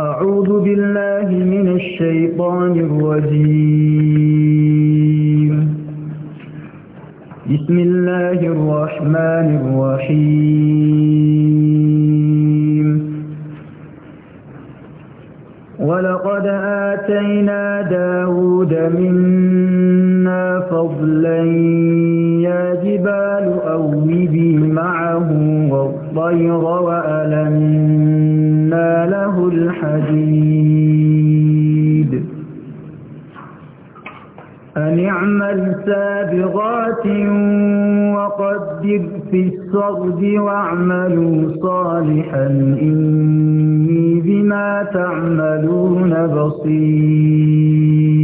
أعوذ بالله من الشيطان الرجيم بسم الله الرحمن الرحيم ولقد آتينا داود منا فضلين الطير وألنا له الحديد أن اعمل سابغات وقدر في الصرد واعملوا صالحا إني بما تعملون بصير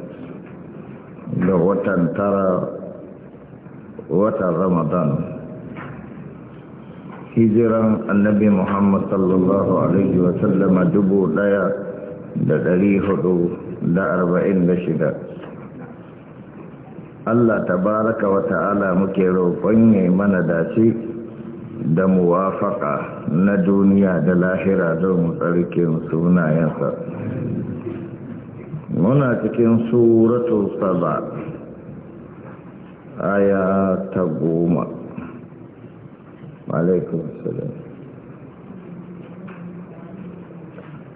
da watan tara watan ramadan hijiran annabi muhammad sallallahu alaihi wa sallama dubu daya da dari hudu da arba'in da shida Allah tabaraka wa ta'ala muke roƙon ya mana dace da muwafaka na duniya da lahira don mu tsarkin sunayensa. muna cikin suratu saba aya ta goma alaikun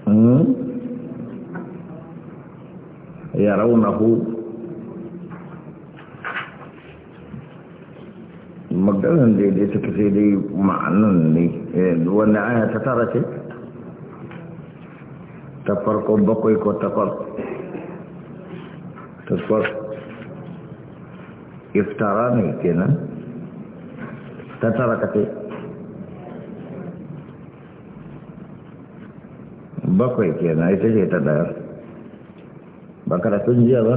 hmm? ya maganin daidai dai ma'anin ne eh, wanda aya ta tara ce ta farko bakwai ko takwas tusfar iftara ne kenan ta tara kafe bakwai kenan ita ce ta daya ba karatun jiya ba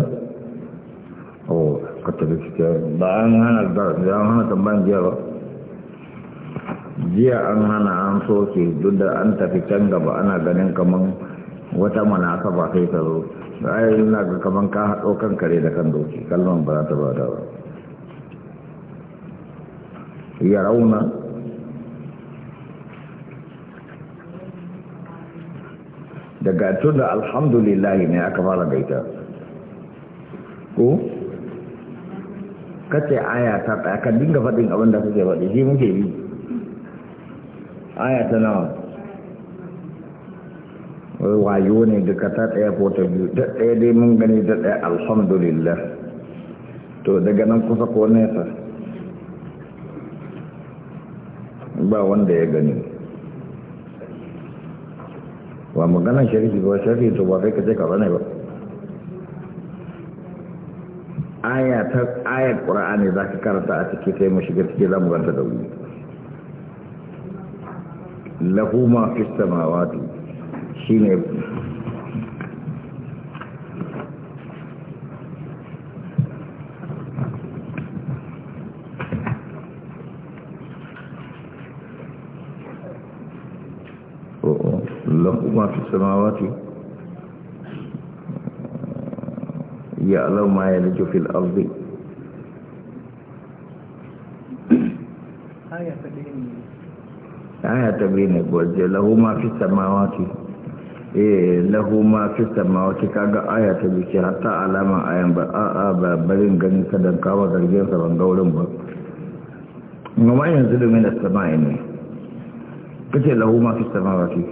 o ka tafi cikin ba an hana da an hana tambayan jiya ba jiya an hana an soke duk an tafi can gaba ana ganin kaman wata mana ba sai ta sai na ga kaman ka haɗo kan kare da kan doki kalman ba za ta ba da ba ya rauna daga tun da alhamdulillah ne aka fara gaita ko kace aya ta ka dinga faɗin abin da kake faɗi shi muke yi. aya ta nawa akwai wayo ne duka ta ɗaya ko ta biyu da ɗaya dai mun gani da ɗaya alhamdulillah to daga nan kusa ko nesa ba wanda ya gani ba maganan sharifi ba sharifi to ba kai ka ce ka zane ba ayatar ayat ƙura'ani za ka karanta a ciki sai mu shiga cikin za ganta da wuri lahu ma fi samawati shine له ما في السماوات يعلم ما يلج في الأرض آية تبين آية تبين له ما في السماوات Eh, lahu ma fi samawati kaga aya ta biki hatta alama ayan ba a a ba barin ganin ka dan kawo zargin sa ban gaurin ba amma yanzu da mai samai ne kace lahu ma fi samawati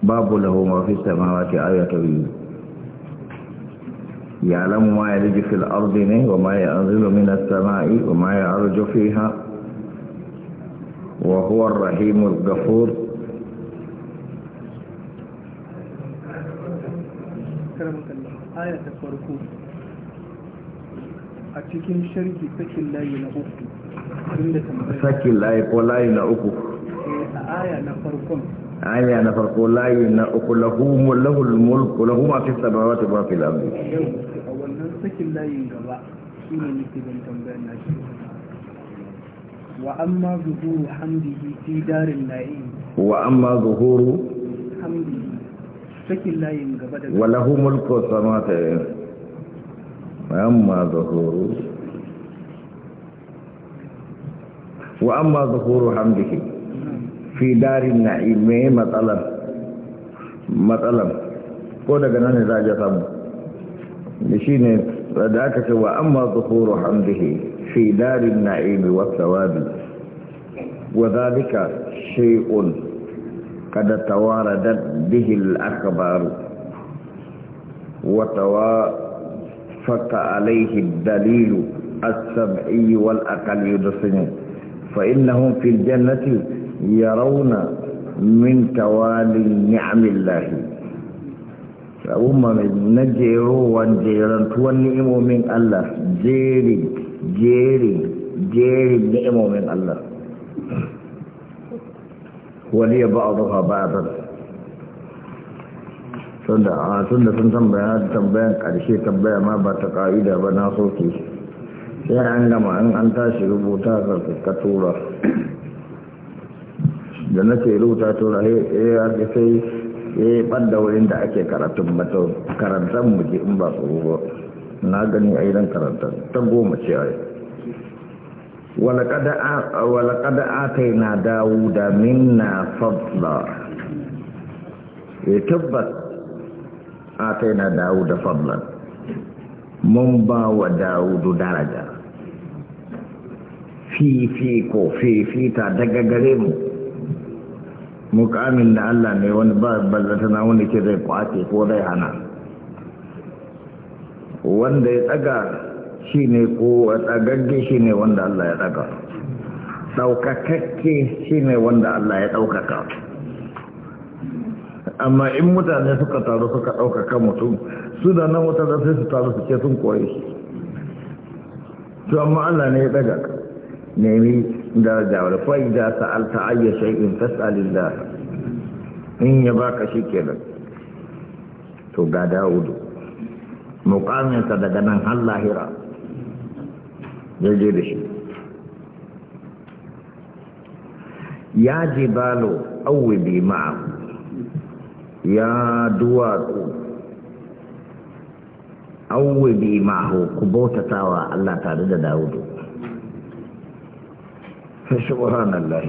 babu lahu ma fi samawati aya ta biyu يعلم ما يلج في الأرض وما ينزل من السماء fiha wa huwa ar-rahimul ghafur akar aya ta farko a cikin sharhi sakin layi na uku sakin layi ko layi na uku eh, a aya na farkon aya na farko layi na uku lahumul lahul mulku lahuma fi samawati wa fil ardi a wannan sakin layin gaba shine nake ban tambayar na shi wa amma zuhuru hamdihi fi darin na'im wa amma zuhuru hamdihi وله ملك السماوات وأما ظهور وأما ظهور حمده في دار النعيم مثلا مثلا كون غناني راجا ثم نشيني رداك وأما ظهور حمده في دار النعيم والثواب وذلك شيء قد تواردت به الأخبار وتوافق عليه الدليل السبعي والأقل يدسني فإنهم في الجنة يرون من توالي نعم الله فأما نجيرو وانجيران تونئمو من الله جيري جيري جيري نئمو من الله waliya a ba'dan tunda a tunda sun tambaya tambayan karshe tambaya ma ba ta ka'ida ba na soke sai an gama in an tashi rubuta ka tura da na rubuta tura ya da sai ya ɓadda wurin da ake karatun mata karantar muke in ba su ba na gani a idan karantar ta goma ce a yi walakada a kai na dawo da minna fadla ya eh, tabbas a kai na dawo da fadla mun ba wa dawo daraja fifi ko fifi ta daga gare mu mukamin da allah ne wani ba ta na wani ke zai kwace ko zai hana wanda ya tsaga shi ne kowa tsagagge shi ne wanda Allah ya ɗaga ɗaukakakke shi ne wanda Allah ya ɗaukaka amma in mutane suka taru suka ɗaukaka mutum su da nan wata sai su taru su ce sun koyi shi to amma Allah ne ya ɗaga nemi da jawar fai da sa'alta ayyar shaikin da in ya baka shi ke nan to ga dawudu mukaminsa daga nan har lahira ya da shi ya jibalo auwibi ma'ahu ya duwatsu auwibi ma'ahu ku bautatawa Allah tare da Dawudu Allah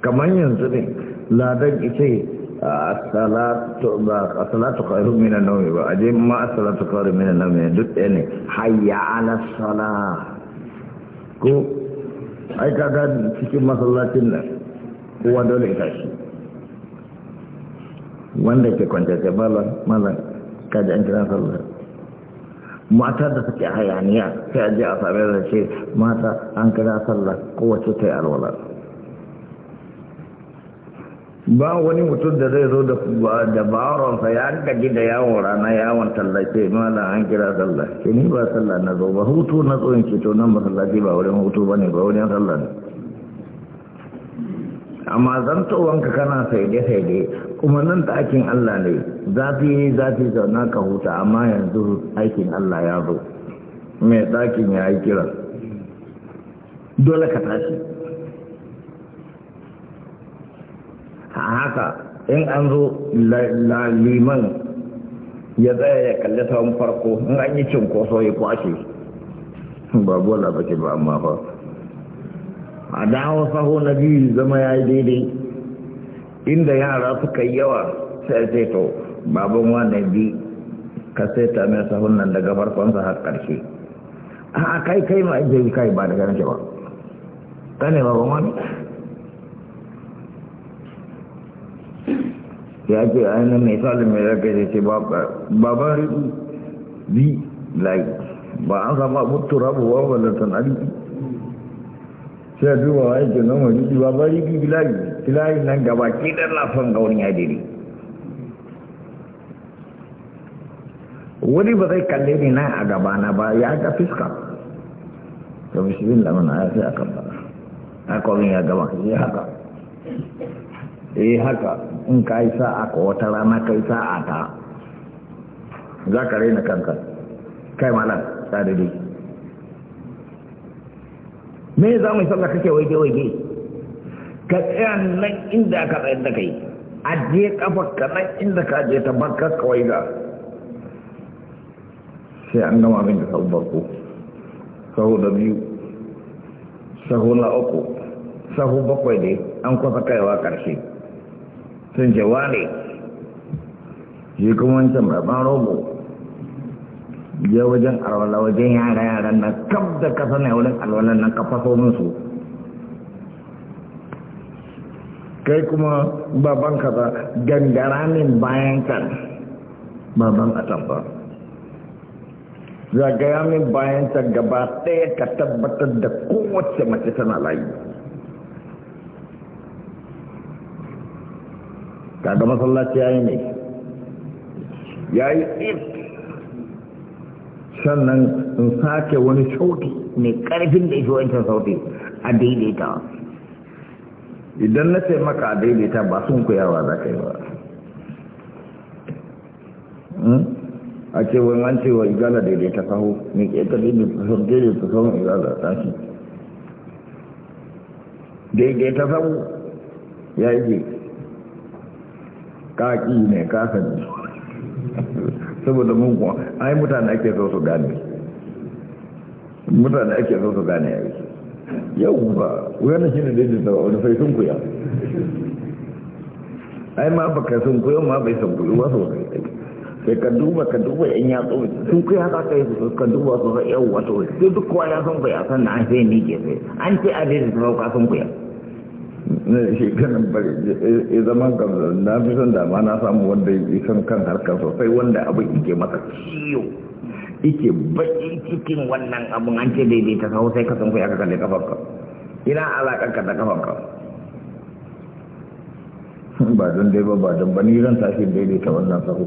kamar yanzu ne ladan ita asalatu salatu asalatu khairu min an-nawm ba aje ma salatu khairu min an-nawm duk ɗaya ne hayya ala sala ko ai kaga cikin masallacin nan kowa dole ya tashi wanda ke kwanta ce malam malam kaji an kira sallah mata da suke hayaniya sai aje a same da ce mata an kira sallah kowace ta yi alwala ba wani mutum da zai zo da sa ya gaji da yawon rana yawon tallace malam an kira sallah ke ni ba sallah na zo ba hutu na tsohon ceto nan masallaci ba wurin hutu ba ne ba wurin sallah ne amma wanka kana saide-saide kuma nan ta aikin allah ne zafi zafi zauna ka huta amma yanzu aikin allah ya zo mai ɗakin ya yi kira dole ka tashi a haka in an zo liman ya tsaya ya kalli sawun farko in an yi cinkoso ya kwashe ba bola ba ke ba amma ba a dawo saho na biyu zama ya yi daidai inda yara suka yi yawa sai sai to baban wane bi ka sai ta mai sahun nan daga farkonsa har ƙarshe a kai kai ma ajiyar kai ba da ganin ba ta ne baban wani ya ce ainihin mai salim mai rafi da ce baban rikki bi lai ba an sama mutu rabu wa wadatan aliki sai a duba wa yake nan wani riɗi baban rikki bi lai filayi nan gaba ke dan lafan gaurin ya dire wani ba zai kalle ni nan a na ba ya ga fiska ta mishirin lamana ya sai a kan ba a kwamin ya gaba ya haka eh haka in ka yi sa'a ko wata rana ka yi sa'a ta za ka raina kanka kai malam tsadiri me za mu yi sallah kake waje waje ka tsaya nan inda ka tsayar da kai ajiye kafa ka nan inda ka je ta barkar kawai ga sai an gama min da sau barko sahu da biyu sahu na uku sahu bakwai dai an kwasa kaiwa ƙarshe sun ce ne shi kuma wancan babban rogo je wajen alwala wajen yara yaran nan kaf da ka sana wurin alwalan nan kafa faso musu kai kuma baban kaza gangara min bayan kan baban atamba zagaya min bayan ta gaba ɗaya ka tabbatar da kowace mace tana layi kaga masallaci yayi ne yayi sannan in sake wani sauti mai karfin da ishe wancan sauti a daidaita idan na ce maka a daidaita ba sun kuyawa za ka yi ba hmm? a ce wani an wa igala daidaita saho mai ƙeta daidaita saho daidaita saho igala ta shi daidaita saho ya yi kaki ne kasani saboda mun kuwa ai mutane ake zo su gane mutane ake zo su gane yau yau ba wani shi ne daidai da wani sai sun kuya ai ma ba ka sun kuya ma bai sun kuya wasu wasu sai ka duba ka duba yan yatsu sun kuya ka kai su ka duba su sai yau wato sai duk kowa ya sun kuya sannan an sai ni ke sai an ce a daidai da ka sun kuya shi shekaran bari ya zama gamsa na fi son dama na samu wanda ya san kan harkar sosai wanda abin ike masa ciwo ike baki cikin wannan abin an ce daidai ta kawo sai ka san kai aka kalle kafarka ina alaƙar ka da kafarka ba don dai ba ba don ba ni zan tashi daidaita wannan sahu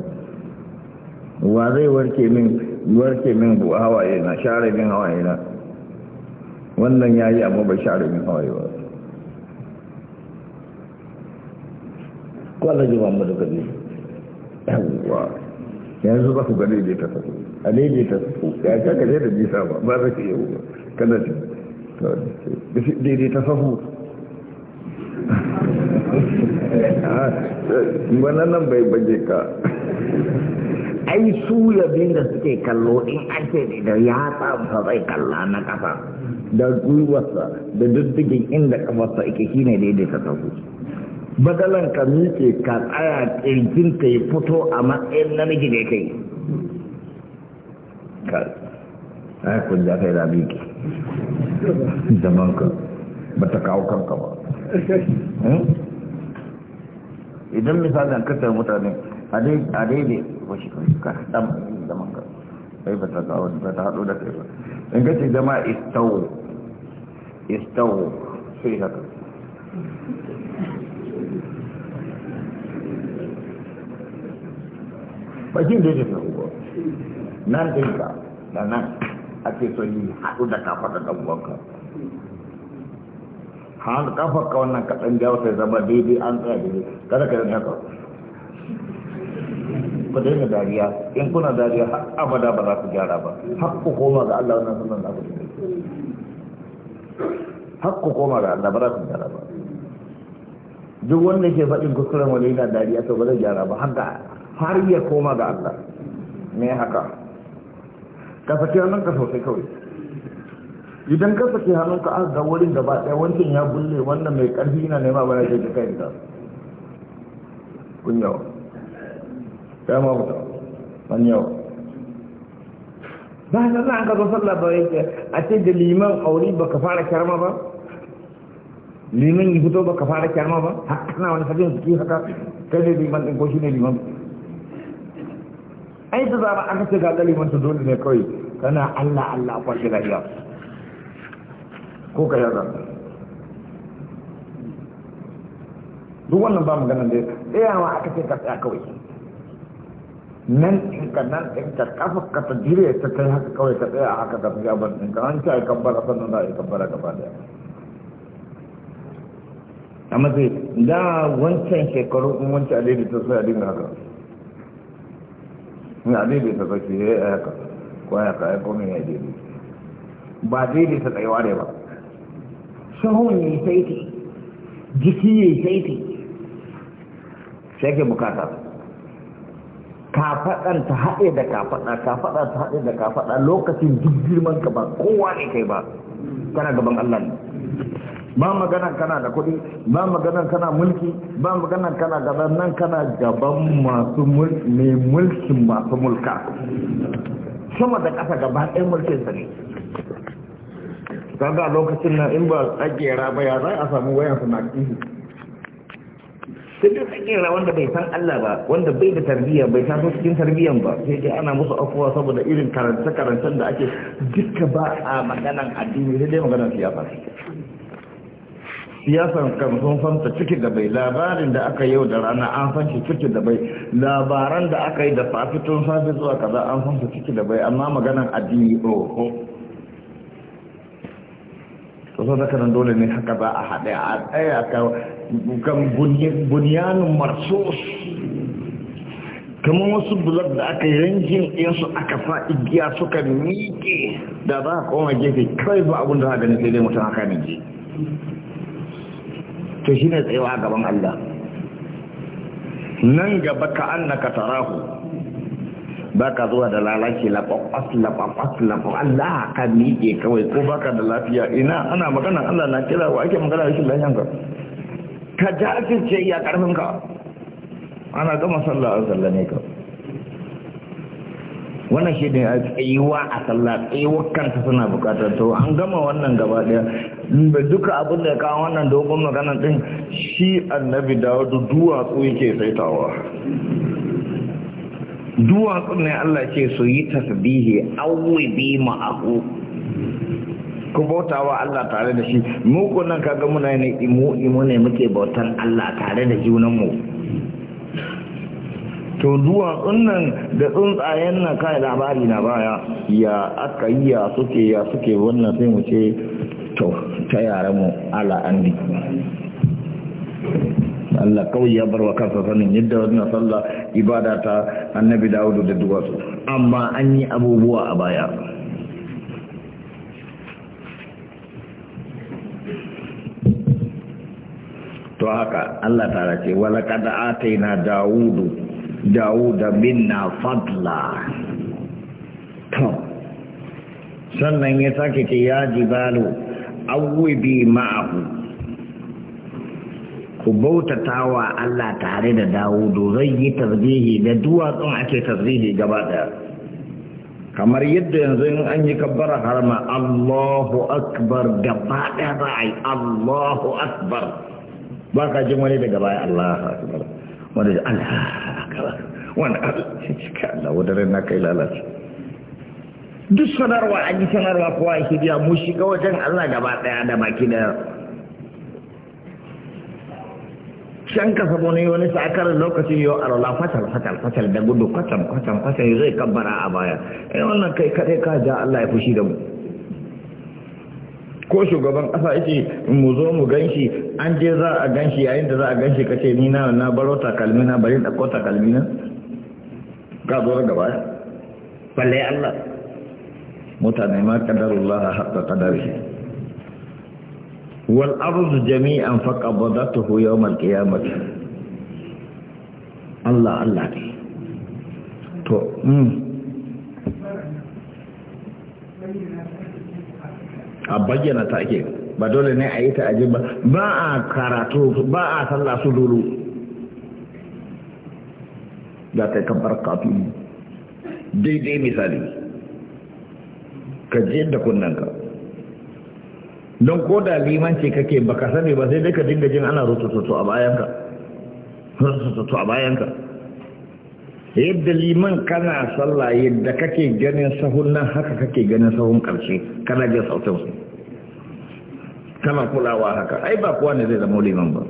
wa zai warke min warke min hawaye na share min hawaye na wannan yayi amma bai share min hawaye ba ko yi ji Muhammadu kaje yawa yanzu ba ku ga ne ta tafi a ne ne ta tafi ya ga ka da nisa ba ba za ka yi ba kada ne ne ta sahu wannan nan bai baje ka ai su labin da suke kallo in an ce da ya samu tsamsa zai kalla na kafa da gwiwarsa da duddigin inda kafarsa ike shine daidai ta sahu badalan ka miƙe ka tsaya ƙirgin ka yi fito a matsayin namiji da kai ka ai kun ja kai da miƙe zaman ka ba ta kawo kanka ba hmm? idan misali an kasar mutane a daidai wasu ka dan zaman ka sai ba ta kawo ba ta haɗo da kai ba in ka ce zama istawo istawo sai haka Bakin jin da yake ba nan din ka da nan ake so yi haɗu da kafa da ɗan uwanka har kafa ka wannan kaɗan jawo sai zama daidai an tsaya daidai kada ka yi haka ku daina dariya in kuna dariya har abada ba za ku gyara ba haƙƙo koma ga Allah wannan sunan da ku har ku koma ga Allah ba za ku gyara ba duk wanda ke faɗin kuskuren wani yana dariya to ba zai gyara ba har da har ya koma ga Allah me haka ka saki hannunka sosai kawai idan ka saki hannunka an ga wurin gaba ɗaya wancan ya bulle wannan mai ƙarfi na nema bana ce ka kai ta kun yawa ya ma fita man ba na an ka zo sallah ba yake a ce da liman ba baka fara kyarma ba liman yi fito baka fara kyarma ba haka na wani sabbin suke haka kai ne liman ɗin ko shi ne liman ai da zama an ce ga galiban ta dole ne kawai kana Allah Allah kwashi lafiya ko ka yarda duk wannan ba magana da tsayawa aka ce ka tsaya kawai nan in ka nan in ka kafa ka ta jire ta kai haka kawai ka tsaya haka ka fi abin in ka an ce a bara sannan za a yi kan bara gaba daya a matsayi da wancan shekaru in wancan alheri ta sai a dinga haka na daidaita sake eh, eh, ya yi ayaka ko ayaka ya kome ya daidaita ba ta tsayuwa ne ba sahun ya yi saiti jiki ya yi saiti sai bukata kafaɗan ta haɗe da kafaɗa kafaɗa ta haɗe da kafaɗa lokacin duk girman ka ba kowa ne kai ba kana gaban Allah ne ba maganan kana da kuɗi ba maganan kana mulki ba maganan kana gaban nan kana gaban masu mai mulkin masu mulka sama da ƙasa gaba ɗaya mulkin sa ne kaga lokacin nan in ba tsagera ba ya za a samu wayan su na kihi sai dai wanda bai san Allah ba wanda bai da tarbiyya bai san su cikin tarbiyyan ba sai dai ana musu afuwa saboda irin karance karancen da ake duka ba a maganan addini sai dai maganan siyasa siyasan kan sun fanta ciki da bai labarin da aka yau da rana an fanta ciki da bai labaran da aka yi da safi tun safi zuwa kaza an fanta ciki da bai amma maganan addini oho to so da kanan dole ne haka ba a haɗe a tsaya ka kan bunyanin marsus kamar wasu bulog da aka yi rangin yansu aka sa igiya suka miƙe da za a koma gefe kawai ba abin da za a gani sai dai mutum haka ne to shi ne tsayawa a gaban Allah nan gaba ka annaka tarahu ba ka zuwa da lalace laƙwaƙwas laƙwaƙwas laƙwaƙwas Allah ka miƙe kawai ko baka da lafiya ina ana magana Allah na kira wa ake magana rashin lafiyanka ka ja jajirce iya ƙarfinka ana gama sallah an ne ka wannan shi ne a tsayuwa a sallah tsayuwar kanta suna bukatar to an gama wannan gaba daya duka abin da kawo wannan dogon magana ɗin shi annabi dawudu duwatsu yake saitawa Duwatsu ne Allah ce su yi tasbihi awwi bi ma'ahu ku bauta wa Allah tare da shi mu kunan kaga muna ne imu imu ne muke bautan Allah tare da junanmu to duwatsun nan da tsuntsayen nan kai labari na baya ya aka yi ya suke ya suke wannan sai mu ce to ta yaran mu ala andi Allah kawai ya bar wa kansa sanin yadda wani sallah ibada ta annabi Dawudu da duwatsu amma an yi abubuwa a baya to haka Allah ta ce wala kad ataina Dawudu Dawuda minna fadla to sannan ya sake ce ya jibalu awwibi ma'ahu ku bauta wa Allah tare da Dawudu zai yi tarbihi da duwatsun ake tarbihi gaba daya kamar yadda yanzu in an yi kabbara harma Allahu akbar gaba daya za a yi Allahu akbar ba ka jin wani daga baya Allahu akbar wanda Allah akbar wanda Allah shi ka Allah wadarin na kai lalace duk sanarwa an yi sanarwa kowa ya shirya mu shiga wajen Allah gaba daya da baki da can ka sabo ne wani sa'akar lokacin yau a rola fatal fatal fatal da gudu kwatam kwatam kwatam zai kabbara a baya eh wannan kai kadai ka ja Allah ya fushi da mu ko shugaban kasa yace mu zo mu ganshi an je za a ganshi yayin da za a ganshi kace ni na na baro takalmina bari da kota takalmina ka zo gaba balle Allah mutane ma qadarullah hatta qadarihi wal ardu jami'an faqabadatuhu yawm al qiyamah Allah Allah ne to mm a bayyana ta ake ba dole ne a yi ta aji ba ba a karatu ba a sallah su duru za ta yi kabar kafin daidai misali ka je da kunnanka don ko da limanci kake baka sani ba sai dai ka dinga jin ana rututu a bayanka rututu a bayanka yadda liman kana sallah yadda kake ganin sahun nan haka kake ganin sahun karshe kana jin sautin su kana kulawa haka ai ba kowa ne zai zama liman ba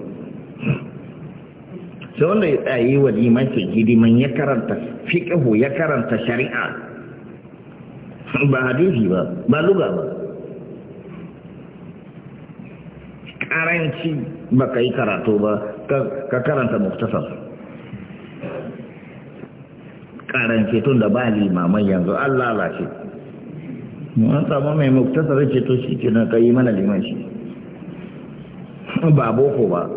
sai wanda ya tsaye wa limanci hidiman ya karanta fiƙihu ya karanta shari'a ba hadisi ba ba luga ba karanci ba ka yi karatu ba ka karanta muktasar karance tun da ba limaman yanzu an lalace mun samu mai muktasar ce to shi ke na yi mana liman shi ba boko ba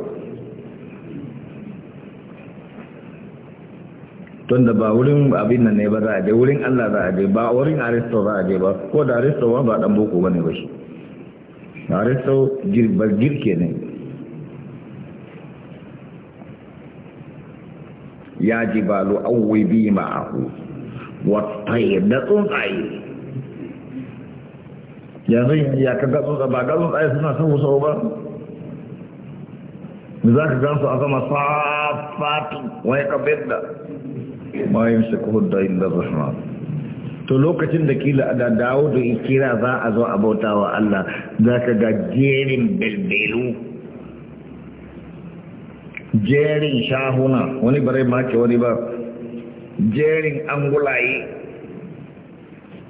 don da ba wurin abin nan ne ba za a je wurin Allah za a je ba wurin aristo za a je ba ko da aristo ba ba dan boko bane ba shi aristo girbar girke ne ya ji ba balu auwi bi ma'ahu wattai da tsuntsaye yanzu ya ka ga tsuntsaye ba ga tsuntsaye suna sun wusa ba za ka gansu a sama safatu wani kabir da ma yamsiku da inda zuwa to lokacin da kila da dawo da ikira za a zo a bauta wa Allah za ka ga jerin belbelu jerin shahuna wani bare make wani ba jerin angulaye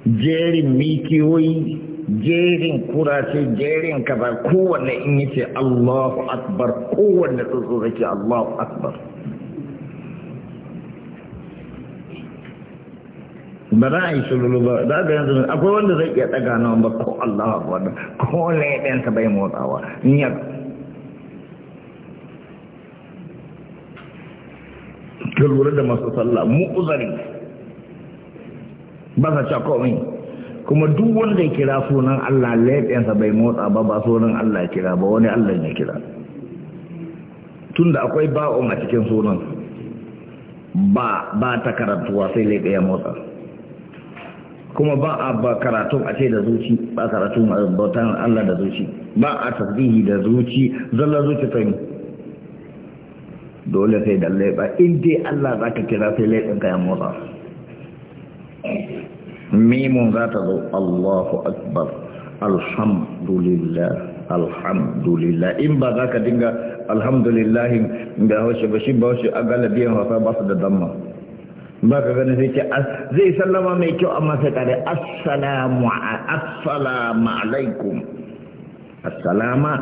jerin mikiyoyi jerin kurace jerin kabar kowanne in yace Allahu akbar kowanne tsotso zake Allahu akbar ba za a yi shululu ba za ga yanzu akwai wanda zai iya tsaga nan ba ko Allah ba da ko laifinsa bai motsawa in ya ka lura da masu sallah mu uzari ba sa cakomi kuma duk wanda ya kira sunan Allah laifinsa bai motsa ba ba sunan Allah kira ba wani Allah ya kira tunda akwai ba'o a cikin sunan ba ba ta karantuwa sai laifin ya motsa kuma ba a ba karatun a ce da zuci ba karatun bautan Allah da zuci ba a tasbihi da zuci zallar zuci ta yi dole sai da laiba in dai Allah za ka kira sai laifin ka ya motsa mimun za ta zo Allahu akbar alhamdulillah alhamdulillah in ba za ka dinga alhamdulillah da haushe ba shi ba haushe a galabiyan wasa ba su da damma ba ka gani sai ce zai sallama mai kyau amma sai kare assalamu alaikum assalama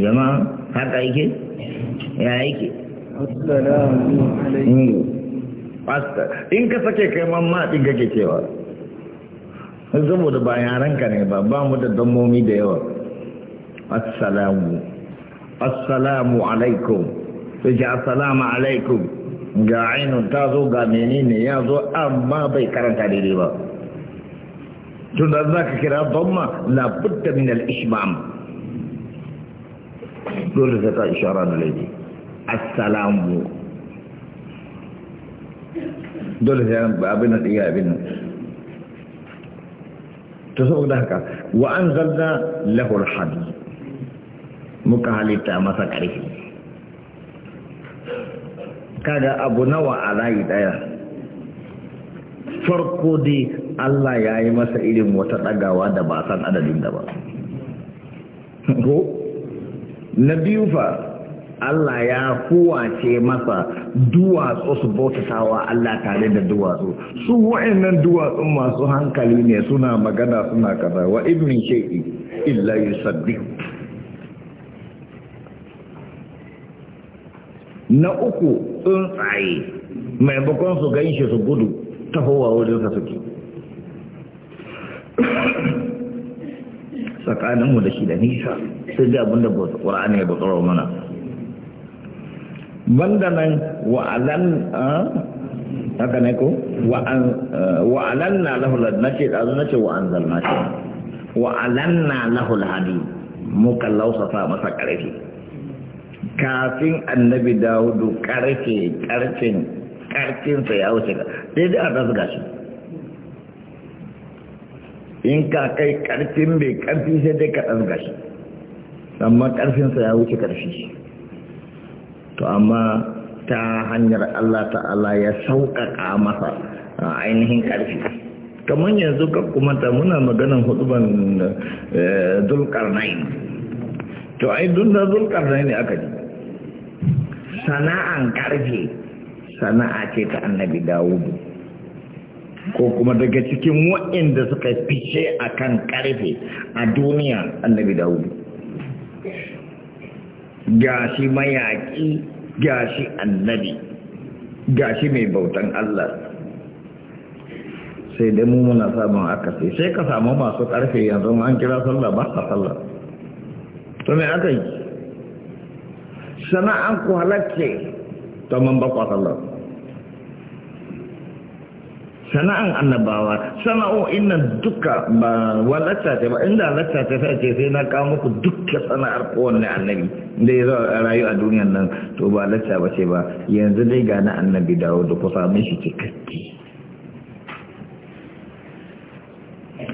yana haka yake ya yake assalamu alaikum hmm. in ka sake kai mamma din kake cewa saboda ba ka ne ba ba mu da dammomi da yawa assalamu assalamu alaikum sai ce assalamu alaikum ga ainihin ta zo ga menene ya zo amma bai karanta daidai ba tun da za ka kira dhamma labudda min al-ishmam dole sai ka ishara da laifi assalamu dole sai abin da iya abin to saboda haka wa anzalna lahu al-hadid muka halitta masa ƙarfi Kaga abu nawa a layi daya farko dai Allah ya yi masa irin wata ɗagawa da ba san adadin da ba na biyu fa Allah ya kowace masa duwatsu su bautatawa Allah tare da duwatsu su wa'annan duwatsun masu hankali ne suna magana suna kaza wa ibn shay'i illa yusabbihu na uku tsuntsaye maimakon su gan shi su gudu ta tahowa wurinsa suke tsakaninmu da shi da nisa sai da abinda ƙura'ani ya batsoro mana banda nan wa'alan haka ne ko wa'alan na lahulhadi na ce ɗazu na ce wa'an zalmashi wa'alan na lahulhadi mu muka lausa sa masa ƙarfi kafin annabi dawudu karfe karfin karfinsa ya wuce ka daidai a rasga shi in ka kai karfin bai karfi sai dai ka rasga shi amma karfinsa ya wuce karfi to amma ta hanyar Allah ta'ala ya sauƙaƙa masa ainihin karfi kamar yanzu ka kuma ta muna maganan huduban zulkarnain eh, to ai dun da ne aka ji sana'an karfe, sana'a ce ta annabi dawudu ko kuma daga cikin wa'inda suka fice a kan karfe a duniya annabi dawudu ga shi mayaki, ga shi annabi ga shi mai bautan Allah sai dai mu muna samun akasai, sai ka samu masu karfe yanzu an kira sallah ba a sallah to me aka yi Sana'anku ku ta Allah sana'an annabawa sana'o'in nan duka ba walatta ce ba inda halatta ce sai ce sai na kawo muku duka sana'ar kowanne annabi da ya rayu a duniyan nan to ba halatta ba ce ba yanzu dai ga na annabi dawo da ku same shi cikakke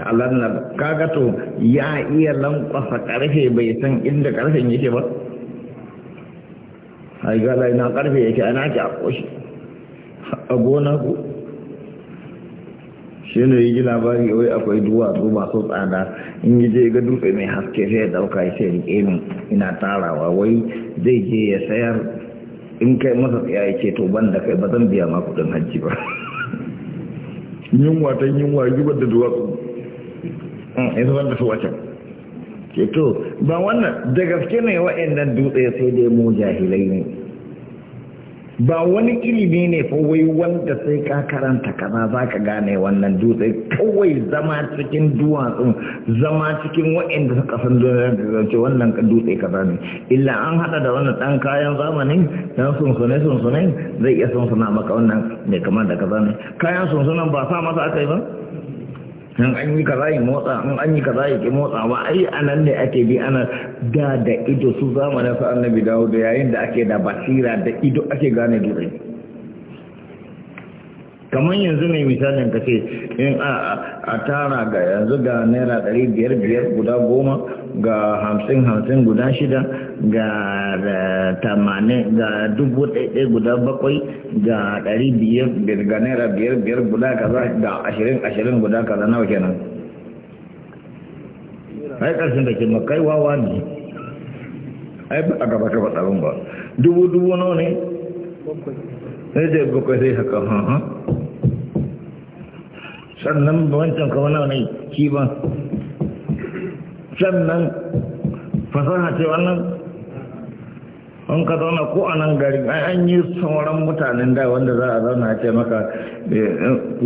Allah na kaga to ya iya lankwasa karfe bai san inda karfen yake ba ai gala ina karfe yake ana ki a koshi a gona ku shi ne yi labari wai akwai duwatsu masu tsada in yi je ga dutse mai haske sai ya dauka sai rike min ina tarawa wai zai je ya sayar in kai masa tsaya ya ce to ban da kai ba zan biya ma kudin hajji ba yunwa ta yunwa yi da duwatsu in hmm, zan da su wacan ke to ba wannan da gaske ne wa'annan dutse sai dai mu jahilai ne ba wani ilimi ne fa wai wanda sai ka karanta kaza za ka gane wannan dutse kawai zama cikin duwatsun zama cikin wa'anda suka san da zance wannan dutse kaza ne illa an hada da wannan dan kayan zamanin dan sunsune sunsune zai iya sunsuna maka wannan mai kamar da kaza ne kayan sunsunan ba sa masa aka yi ba in an yi ka zai motsa in an yi ka zai ke motsa ba ai anan ne ake bi ana da da ido su zamanin su annabi dawo da yayin da ake da basira da ido ake gane dutse kamar yanzu mai misalin ka ce in a tara ga yanzu ga naira ɗari biyar biyar guda goma ga hamsin hamsin guda shida ga tamanin ga dubu ɗaiɗai guda bakwai ga ɗari biyar ga naira biyar biyar guda kaza ga ashirin ashirin guda kaza nawa kenan ai ƙarshen da ke makai wawa ne ai ba a gaba ka faɗa ba dubu dubu nawa ne sai dai bakwai sai haka ha ha sannan wancan kawo nawa ne shi ba sannan fasaha ce wannan an ka zauna ko a nan gari an yi sauran mutanen da wanda za a zauna a ce maka eh,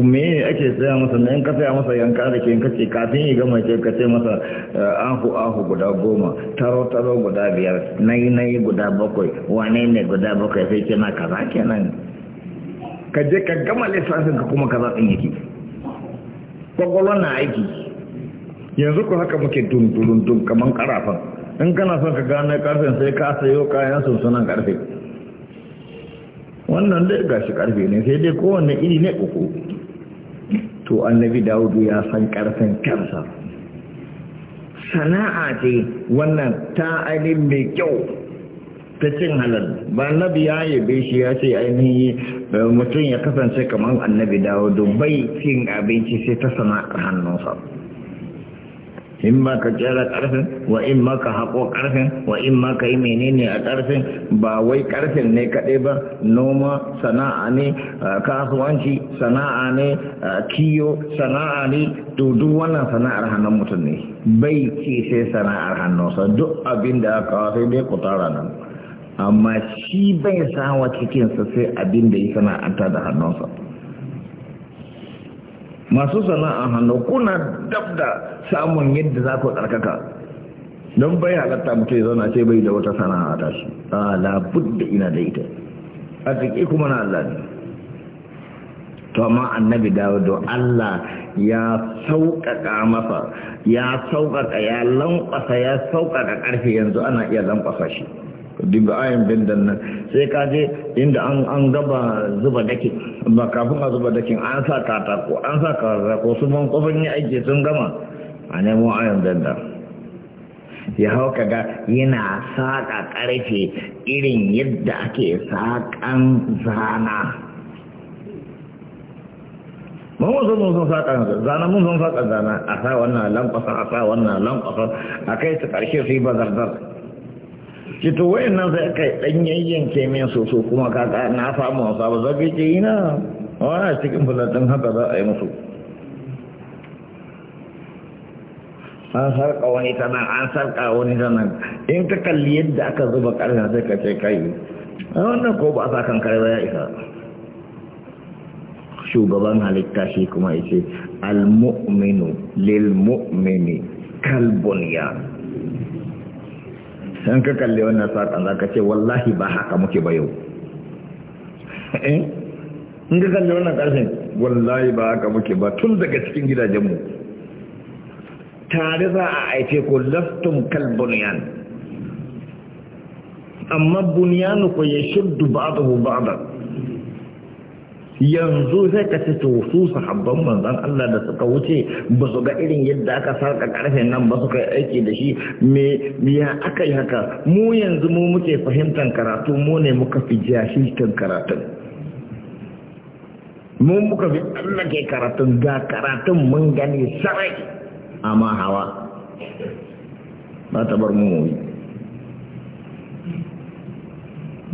me ake saya masa na in ka saya masa yanka da ke kace kafin ya gama ce ka ce masa eh, ahu ahu guda goma taro taro guda biyar nayi nayi guda bakwai wane ne guda bakwai sai za kaza kenan ka je ka gama lissafin ka kuma kaza din yake Kwakwalwa na aiki yanzu ku haka muke dundurundun kamar karafan in kana son ka gane karfin sai ka sayo kayan sunsunan karfe wannan dai gashi karfe ne sai dai kowane iri ne uku to annabi dawudu ya san karfin kansa sana'a ce wannan ta ainihin mai kyau ta cin halal ba nabi ya be shi ya ce ainihi eh, mutum ya kasance kamar annabi dawo bai cin abinci sai ta a hannunsa in ba ka kera karfin wa in ma ka haƙo karfin wa in ma ka yi menene a karfin ba wai karfin ne kaɗai ba noma sana'a ne eh, kasuwanci sana'a ne eh, kiyo sana'a ne dudu wannan sana'ar hannun mutum ne bai ce sai sana'ar hannunsa duk abin da aka wasu ne ku tara nan amma shi bai sawa cikinsa sai abin da ya sana'anta da hannunsa masu sana'a hannu kuna dab samun yadda za ku tsarkaka don bai halatta mutum ya zauna sai bai da wata sana'a ta shi a labud da ina da ita a cikin kuma na Allah ne to amma annabi dawudu Allah ya sauƙaƙa masa ya sauƙaƙa ya lankwasa ya sauƙaƙa ƙarfe yanzu ana iya lankwasa shi dubi ayin bindan nan sai ka je inda an an gaba zuba dakin ba kafin a zuba dakin an sa katako an sa katako su ban kofin yi aiki sun gama a nemo ayin bindan ya hau kaga yana saƙa ƙarfe irin yadda ake saƙan zana mun wasu mun sun saƙa zana mun sun saƙa zana a sa wannan lankwasa a sa wannan lankwasa a kai su ƙarshe su yi bazarzar ki to nan sai kai dan ke min so so kuma ka na samu wasa ba zage ke ina wannan cikin bulatan haka za a yi musu an sarka wani ta nan an sarka wani ta nan in ka kalli yadda aka zuba ƙarfi sai ka ce kai wannan ko ba a sa kan kare ba ya isa shugaban halitta shi kuma ya ce al-mu'minu lil-mu'mini kalbun ya in ka kalli wannan saƙon za ka ce wallahi ba haka muke ba yau eh? in ka kalli wannan ƙarshen wallahi ba haka muke ba tun daga cikin gidajenmu tare za a aice ko laftun kalbuniyan amma buniyanu ko ya shuddu ba'dahu ba'dahu yanzu sai ka ce to su sahabban manzon Allah da suka wuce ba su ga irin yadda aka sarka karfe nan ba su kai aiki da shi me ya aka yi haka mu yanzu mu muke fahimtar karatu mu ne muka fi jahilcin karatu, mu muka fi ke karatu ga karatu mun gani sarai amma hawa ba ta bar mu yi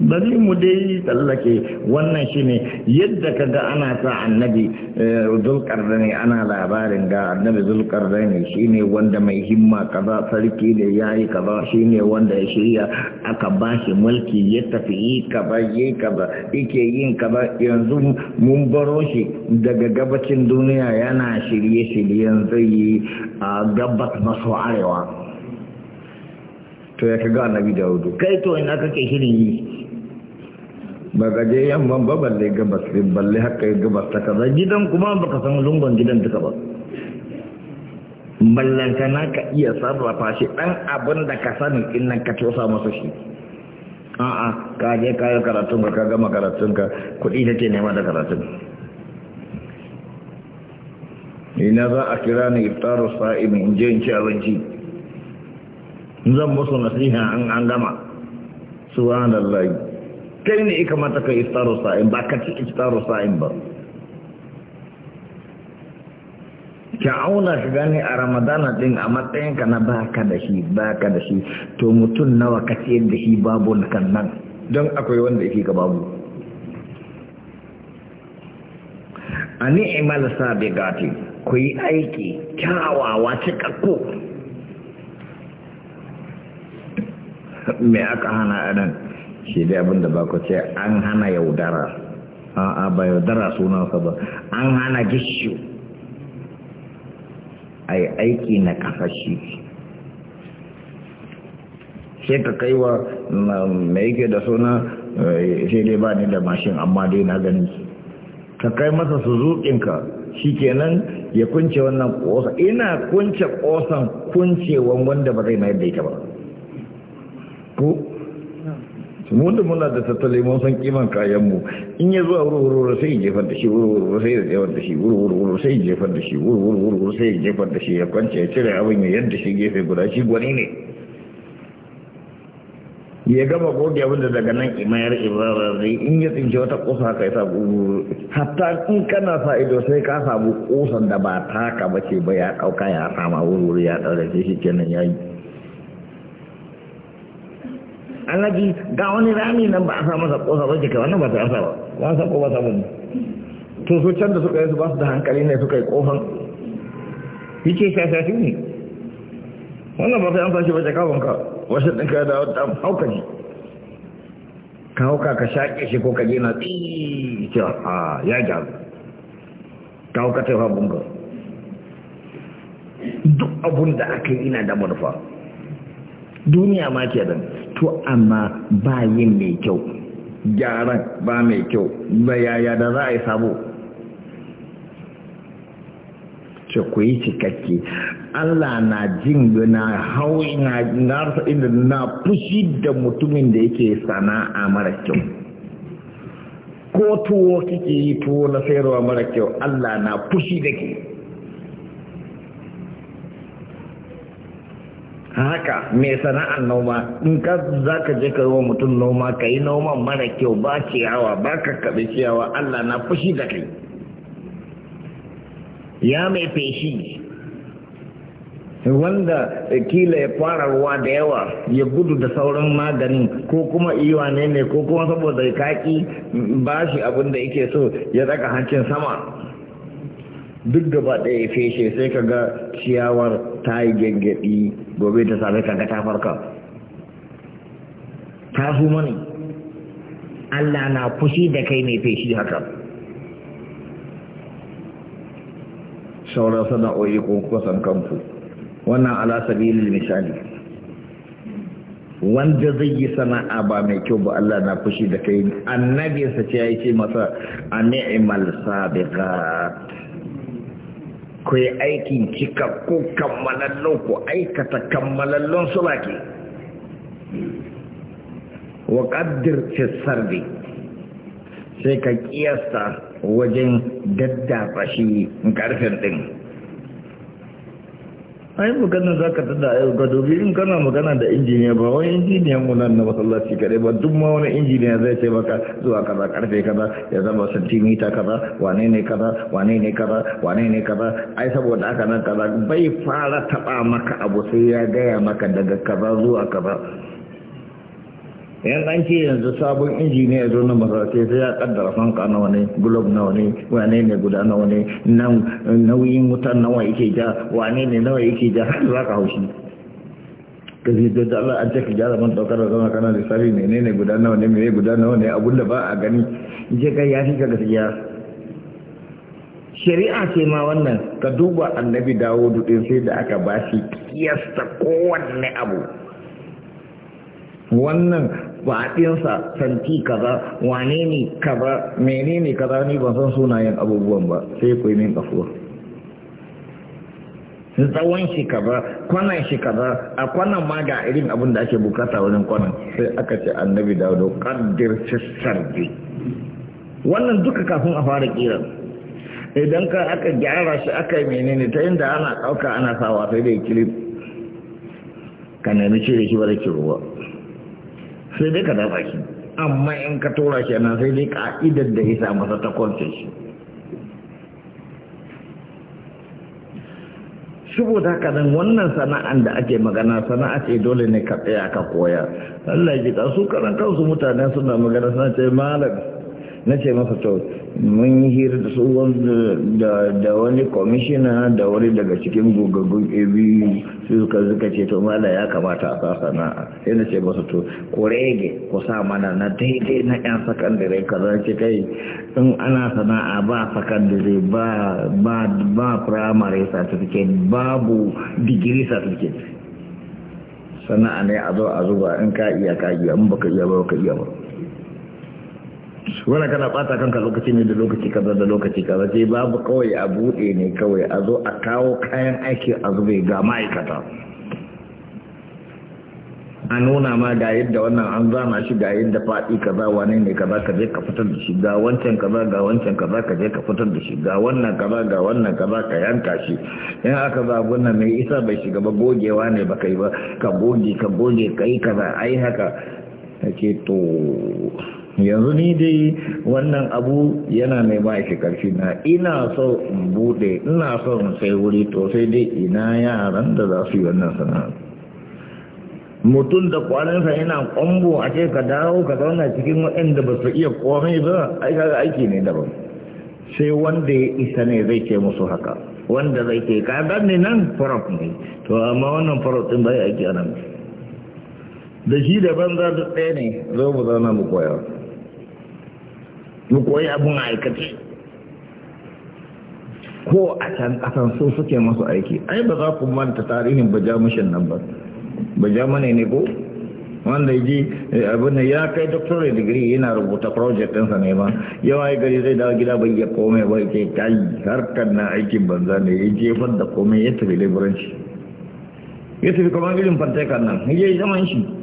bari mu dai tsallake wannan shine yadda ka ga ana sa annabi eh, zulkar ne ana labarin ga annabi shi shine wanda mai himma kaza sarki ne yi kaza ne wanda ya shirya aka ba shi mulki ya tafi yi kaza yi kaza yake yin kaza yanzu mun baro shi daga gabacin duniya yana shirye-shiryen zai yi a gabas maso arewa to ya ka ga annabi da hudu kai to ina kake shirin yi baka je yamman ba balle gabas balle haka ya gabas ta kaza gidan kuma ba ka san lungon gidan duka ba ka na ka iya sarrafa shi dan abin da ka sani in nan ka tosa masa shi a'a ka je ka yi karatun ka ka gama karatun ka kuɗi ke nema da karatun ina za a kira ni iftaru sa'imi in je in ci abinci zan musu nasiha an an gama subhanallahi kai ne ika mata ka iftaru sa'in ba ka ci iftaru sa'in ba ka auna ka gani a ramadana din a matsayinka na baka da shi baka da shi to mutum nawa ka ce da shi babu kan nan don akwai wanda yake ka babu a sabi gati ku yi aiki kyawawa cikakku me aka hana a shi dai abinda ba ku ce an hana yaudara a'a ba yaudara sunansa ba an hana gishu a aiki na kasashe. sai ka kai wa mai yake da suna eh, sai dai ba ni da mashin amma dai na gani ka kai masa su zuƙinka shi kenan ya kunce wannan ƙosa ina kunce ƙosan kuncewan wanda ba zai mayar da ita ba muddin muna da tattali mun san kiman kayan mu in ya zuwa wurwurwuru sai jefar da shi wurwurwuru sai ya jefar da shi wurwurwuru sai jefar da shi wurwurwuru sai jefar da shi ya kwance ya cire abin ya yadda shi gefe guda shi gwani ne ya gama goge abin da daga nan imayar ibrahim zai in ya tsinci wata kusa ka sa gururu hatta in kana sa ido sai ka samu kusan da ba taka ce ba ya dauka ya sama wurwuru ya daure shi kenan ya yi. alaji ga wani rami nan ba a sa masa kosa ba jika wannan ba ta asa ba ba sa ƙo ba ta mun to su can da suka yi su ba su da hankali ne suka yi kofan yake shafafi ne wannan ba sai an shi ba jakawon ka wasu ɗin ka da wata hauka ne ka hauka ka shaƙe shi ko ka gina tsiri cewa a ya gyaru ka hauka ta yi bunga duk abun da aka yi ina da manufa duniya ma ke da to amma ba yin mai kyau gyaran ba mai kyau ba yaya da za a yi sabo ce ku yi cikakke Allah na jin na hau na harsa inda na fushi da mutumin da yake sana'a mara kyau ko tuwo kike yi tuwo na sayarwa mara kyau Allah na fushi da ke haka mai sana'ar noma in ka za ka je ka yi wa mutum noma ka yi noman mara kyau ba ciyawa ba ka kaɓe ciyawa Allah na fushi da kai ya mai feshi wanda kila ya fara ruwa da yawa ya gudu da sauran maganin ko kuma iwa ne ne ko kuma saboda kaki ba shi abin da yake so ya tsaka hancin sama duk gaba ɗaya ya feshe sai ka ga ciyawar ta yi gyangyaɗi gobe ta sami kanka ta farka ta su mani Allah na fushi da kai mai feshi haka sauran sana'o'i ko kusan kanku wannan ala sabilil misali wanda zai yi sana'a ba mai kyau ba Allah na fushi da kai annabinsa ce ya ce masa a ni'imal sabiqat ku yi aikin ko kammalallon ku aikata kammalallon su baki wa ƙaddir sardi sai ka ƙiyasta wajen daddafa shi ƙarfin ɗin ai maganar za ka tada yau ga dobi in kana magana da injiniya ba wani injiniya mu nan na masallaci kare ba duk ma wani injiniya zai ce maka zuwa kaza karfe kaza ya zama santimita kaza wane ne kaza wane ne kaza wane ne kaza ai saboda haka nan kaza bai fara taɓa maka abu sai ya gaya maka daga kaza zuwa kaza yan an ce yanzu sabon injiniya zo na masarauta sai ya kaddara fanka nawa ne gulob nawa ne wane ne guda nawa ne nan nauyin wutan nawa yake ja wane ne nawa yake ja har za ka haushi ka zai da Allah an ce ka gyara man daukar da zama kana lissafi ne ne guda nawa ne mene guda nawa ne abun da ba a gani je kai ya fi ka gaskiya shari'a ce ma wannan ka duba annabi dawo dudin sai da aka bashi kiyasta kowanne abu wannan kwaɗinsa santi kaza wane ne kaza mene ne kaza ni ban san sunayen abubuwan ba sai ku min kafuwa tsawon shi kaza kwanan shi kaza a kwanan ma ga irin abin da ake bukata wajen kwanan sai aka ce annabi daudo kaddir sardi wannan duka kafin a fara kiran idan ka aka gyara shi aka yi menene ta inda ana ɗauka ana sawa sai dai kilif ka nemi cire shi ba da ruwa sai dai ka dafa shi amma in ka tura shi nan sai dai ka idan da isa masa ta kwance shi saboda haka nan wannan sana'an da ake magana sana'a ce dole ne ka tsaya ka koya Allah ya ji su karan kansu mutanen suna magana suna ce malam na ce masa to mun yi hira da su da wani kwamishina da wani daga cikin gugagun abu su suka zuka ce to da ya kamata a sasa na sai na ce masa to ku rege ko sa mana na daidai na yan sakandare kaza ce kai in ana sana'a ba sakandare ba ba ba primary certificate babu digiri certificate sana'a ne a zo a zuba in ka iya ka iya in baka iya ba baka iya ba wani kana bata kanka lokaci ne da lokaci kaza da lokaci kaza sai babu kawai a bude ne kawai a zo a kawo kayan aiki a zube ga ma'aikata a nuna ma ga yadda wannan an zama shi ga yadda faɗi kaza wane ne kaza ka je ka fitar da shi ga wancan kaza ga wancan kaza ka je ka fitar da shi ga wannan kaza ga wannan kaza ka yanka shi in aka za wannan mai isa bai shiga ba gogewa ne ba kai ba ka goge ka goge kai kaza ai haka ake to yanzu ni dai wannan abu yana mai ba shi ƙarfi na ina so in bude ina so in sai wuri to sai dai ina yaran da za su yi wannan sana'a mutum da kwaninsa yana kwambo a ce ka dawo ka zauna cikin waɗanda ba su iya komai ba aika ga aiki ne daban sai wanda ya isa ne zai ce musu haka wanda zai ce ka ne nan faraf ne to amma wannan faraf din bai aiki a nan da shi daban za duk ɗaya ne zo mu zauna mu koya mu koyi abun a aikace ko a can kasan su suke masu aiki ai ba za ku manta tarihin bajamushin nan ba bajama ne ko wanda ji eh, abin ya kai doctorate degree yana rubuta project ɗinsa ne ba yawa ya gari zai dawo gida bai ya komai ba ke kai harkar na aikin banza ne ya jefar da komai ya tafi laboranci ya tafi kamar irin fantaikar nan ya yi zaman shi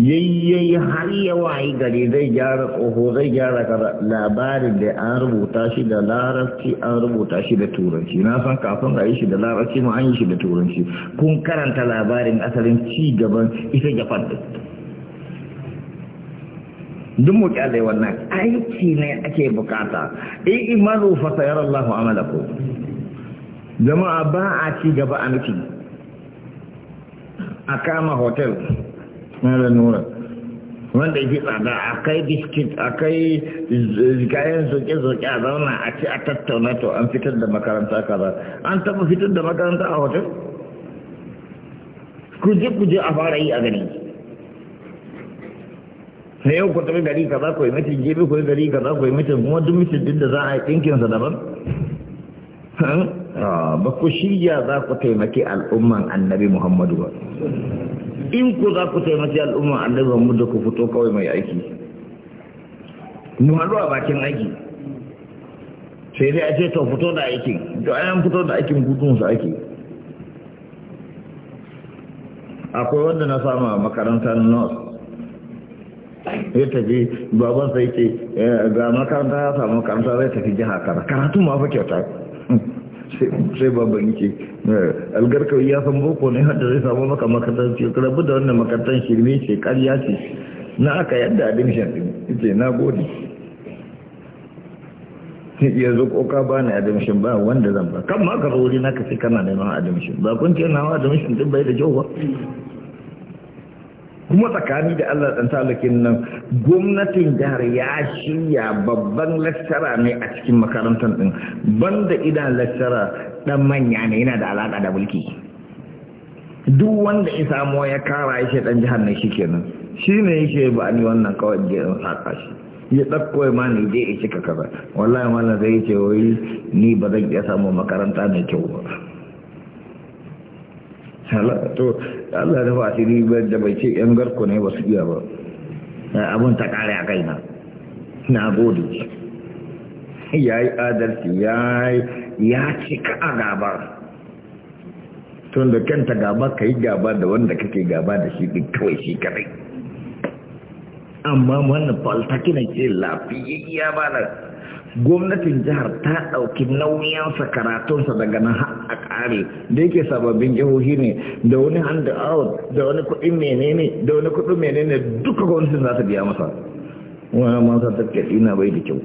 yayyayi har yawa yi gari zai gyara ƙoho zai gyara labarin da an rubuta shi da larabci an rubuta shi da turanci na san kafin a yi shi da larabci ma an yi shi da turanci kun karanta labarin asalin ci gaban ita japan din duk mu kyalai wannan aiki ne ake bukata in imanu fa sayar Allah amalakum jama'a ba a ci gaba a nufi a kama hotel mara nura wanda yake tsada a kai biskit a kai kayan soke-soke a zauna a ci a tattauna to an fitar da makaranta kaza an taba fitar da makaranta a hotel kuje-kuje a fara yi a gani na yau ku tafi gari kaza ku yi mutum jebe ku yi gari kaza ku yi mutum kuma duk mutum duk da za a yi ɗinkinsa daban ah, ba ku shirya za ku taimaki al'umman annabi muhammadu ba in ku za ku taimaki al'umma annabi Muhammad ku fito kawai mai aiki mu haɗu a bakin aiki sai dai a ce to fito da aikin to ayan fito da aikin gudun su ake akwai wanda na samu a makarantar north ya tafi babansa yake eh, ga makaranta ya samu makaranta zai tafi jiha kaza karatu ma fa kyauta sai babban ke eh, algarkawai ya san boko ne hada zai samu maka makarantar ce rabu da wannan makarantar shirme ce karya ce na aka yadda admission din ce na gode yanzu ko ka ba ni admission ba wanda zan ba kan ma ka zo wuri na ka kana neman admission ba kun ce na admission din bai da kyau ba kuma tsakani da Allah ɗan talakin nan gwamnatin jihar ya shirya babban lassara ne a cikin makarantar ɗin banda idan lassara ɗan manya ne yana da alaƙa da mulki duk wanda ya samo ya kara ya ɗan jihar ne shi kenan shi ne yake ba ni wannan kawai jiran saƙa shi ya ɗauko ya ne dai ya cika kaza wallahi malam zai ce wai ni ba zan iya samu makaranta mai kyau ba to Allah da fasiri da bai ce yan garko ne ba su iya ba abin ta kare a kaina na gode ya yi adalci ya cika a gaba. tun kanta gaba ka yi gaba da wanda kake gaba da shi duk kawai shi kadai amma wannan faltaki na ce lafiyayya ba na gwamnatin jihar ta ɗauki nauyansa karatunsa daga nan a ƙare da yake sababbin jihohi ne da wani hand out da wani kuɗin menene da wani kuɗin menene duka gwamnatin za ta biya masa wani sa ta ke na bai da kyau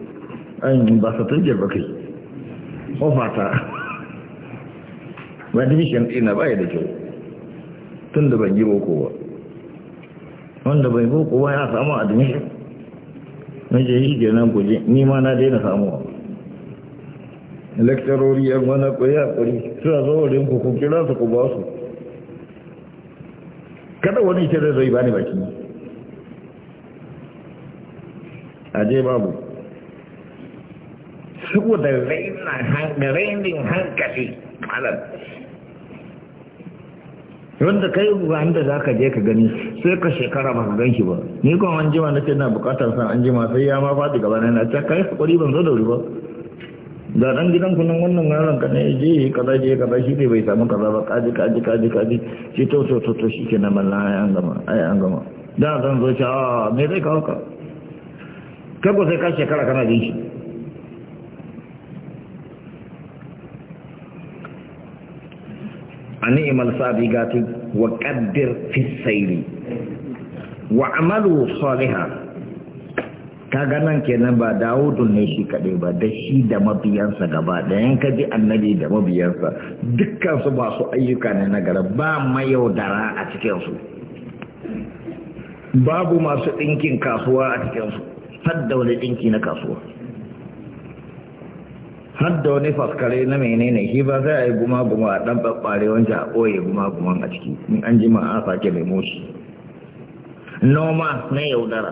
an ba sa tun ba kai ofata ba dimishin ina bai da kyau tun da ban yi boko ba wanda bai boko ba ya samu admission na yi shi kenan ku je ni ma na daina samuwa lakcarori yan wani kwaya kwari suna wa rinku ku kira su ku ba su kada wani ce da zai bani baki a je babu saboda rainin hankali malar wanda kai buga da za ka je ka gani sai ka shekara ba ka gan shi ba ni kuma an jima na ce na bukatar san an jima sai ya ma fadi gaba na ta kai hakuri ban zo da wuri ba da dan gidan ku nan wannan yaron ka ne je kaza je kaza shi ne bai samu kaza ba kaji kaji kaji kaji shi to to to to shike na mallan ai an gama ai an gama da zan zo ta ah, me zai kawo ka kago sai ka shekara kana jin shi أنئم السابقات وقدر في wa amalu صالحا kaga nan kenan ba Dawudu ne shi kaɗai ba da shi da mabiyansa gaba ɗayan yan kaji annabi da mabiyansa dukkan su ba su ayyuka ne na gara ba mayaudara a cikinsu babu masu ɗinkin kasuwa a cikinsu fadda wani ɗinki na kasuwa har da wani faskare na menene shi ba sai a yi guma-guma a ɗan ɓaɓɓare wancan a ɓoye guma-guman a ciki in an ji a sake mai moshi noma na yaudara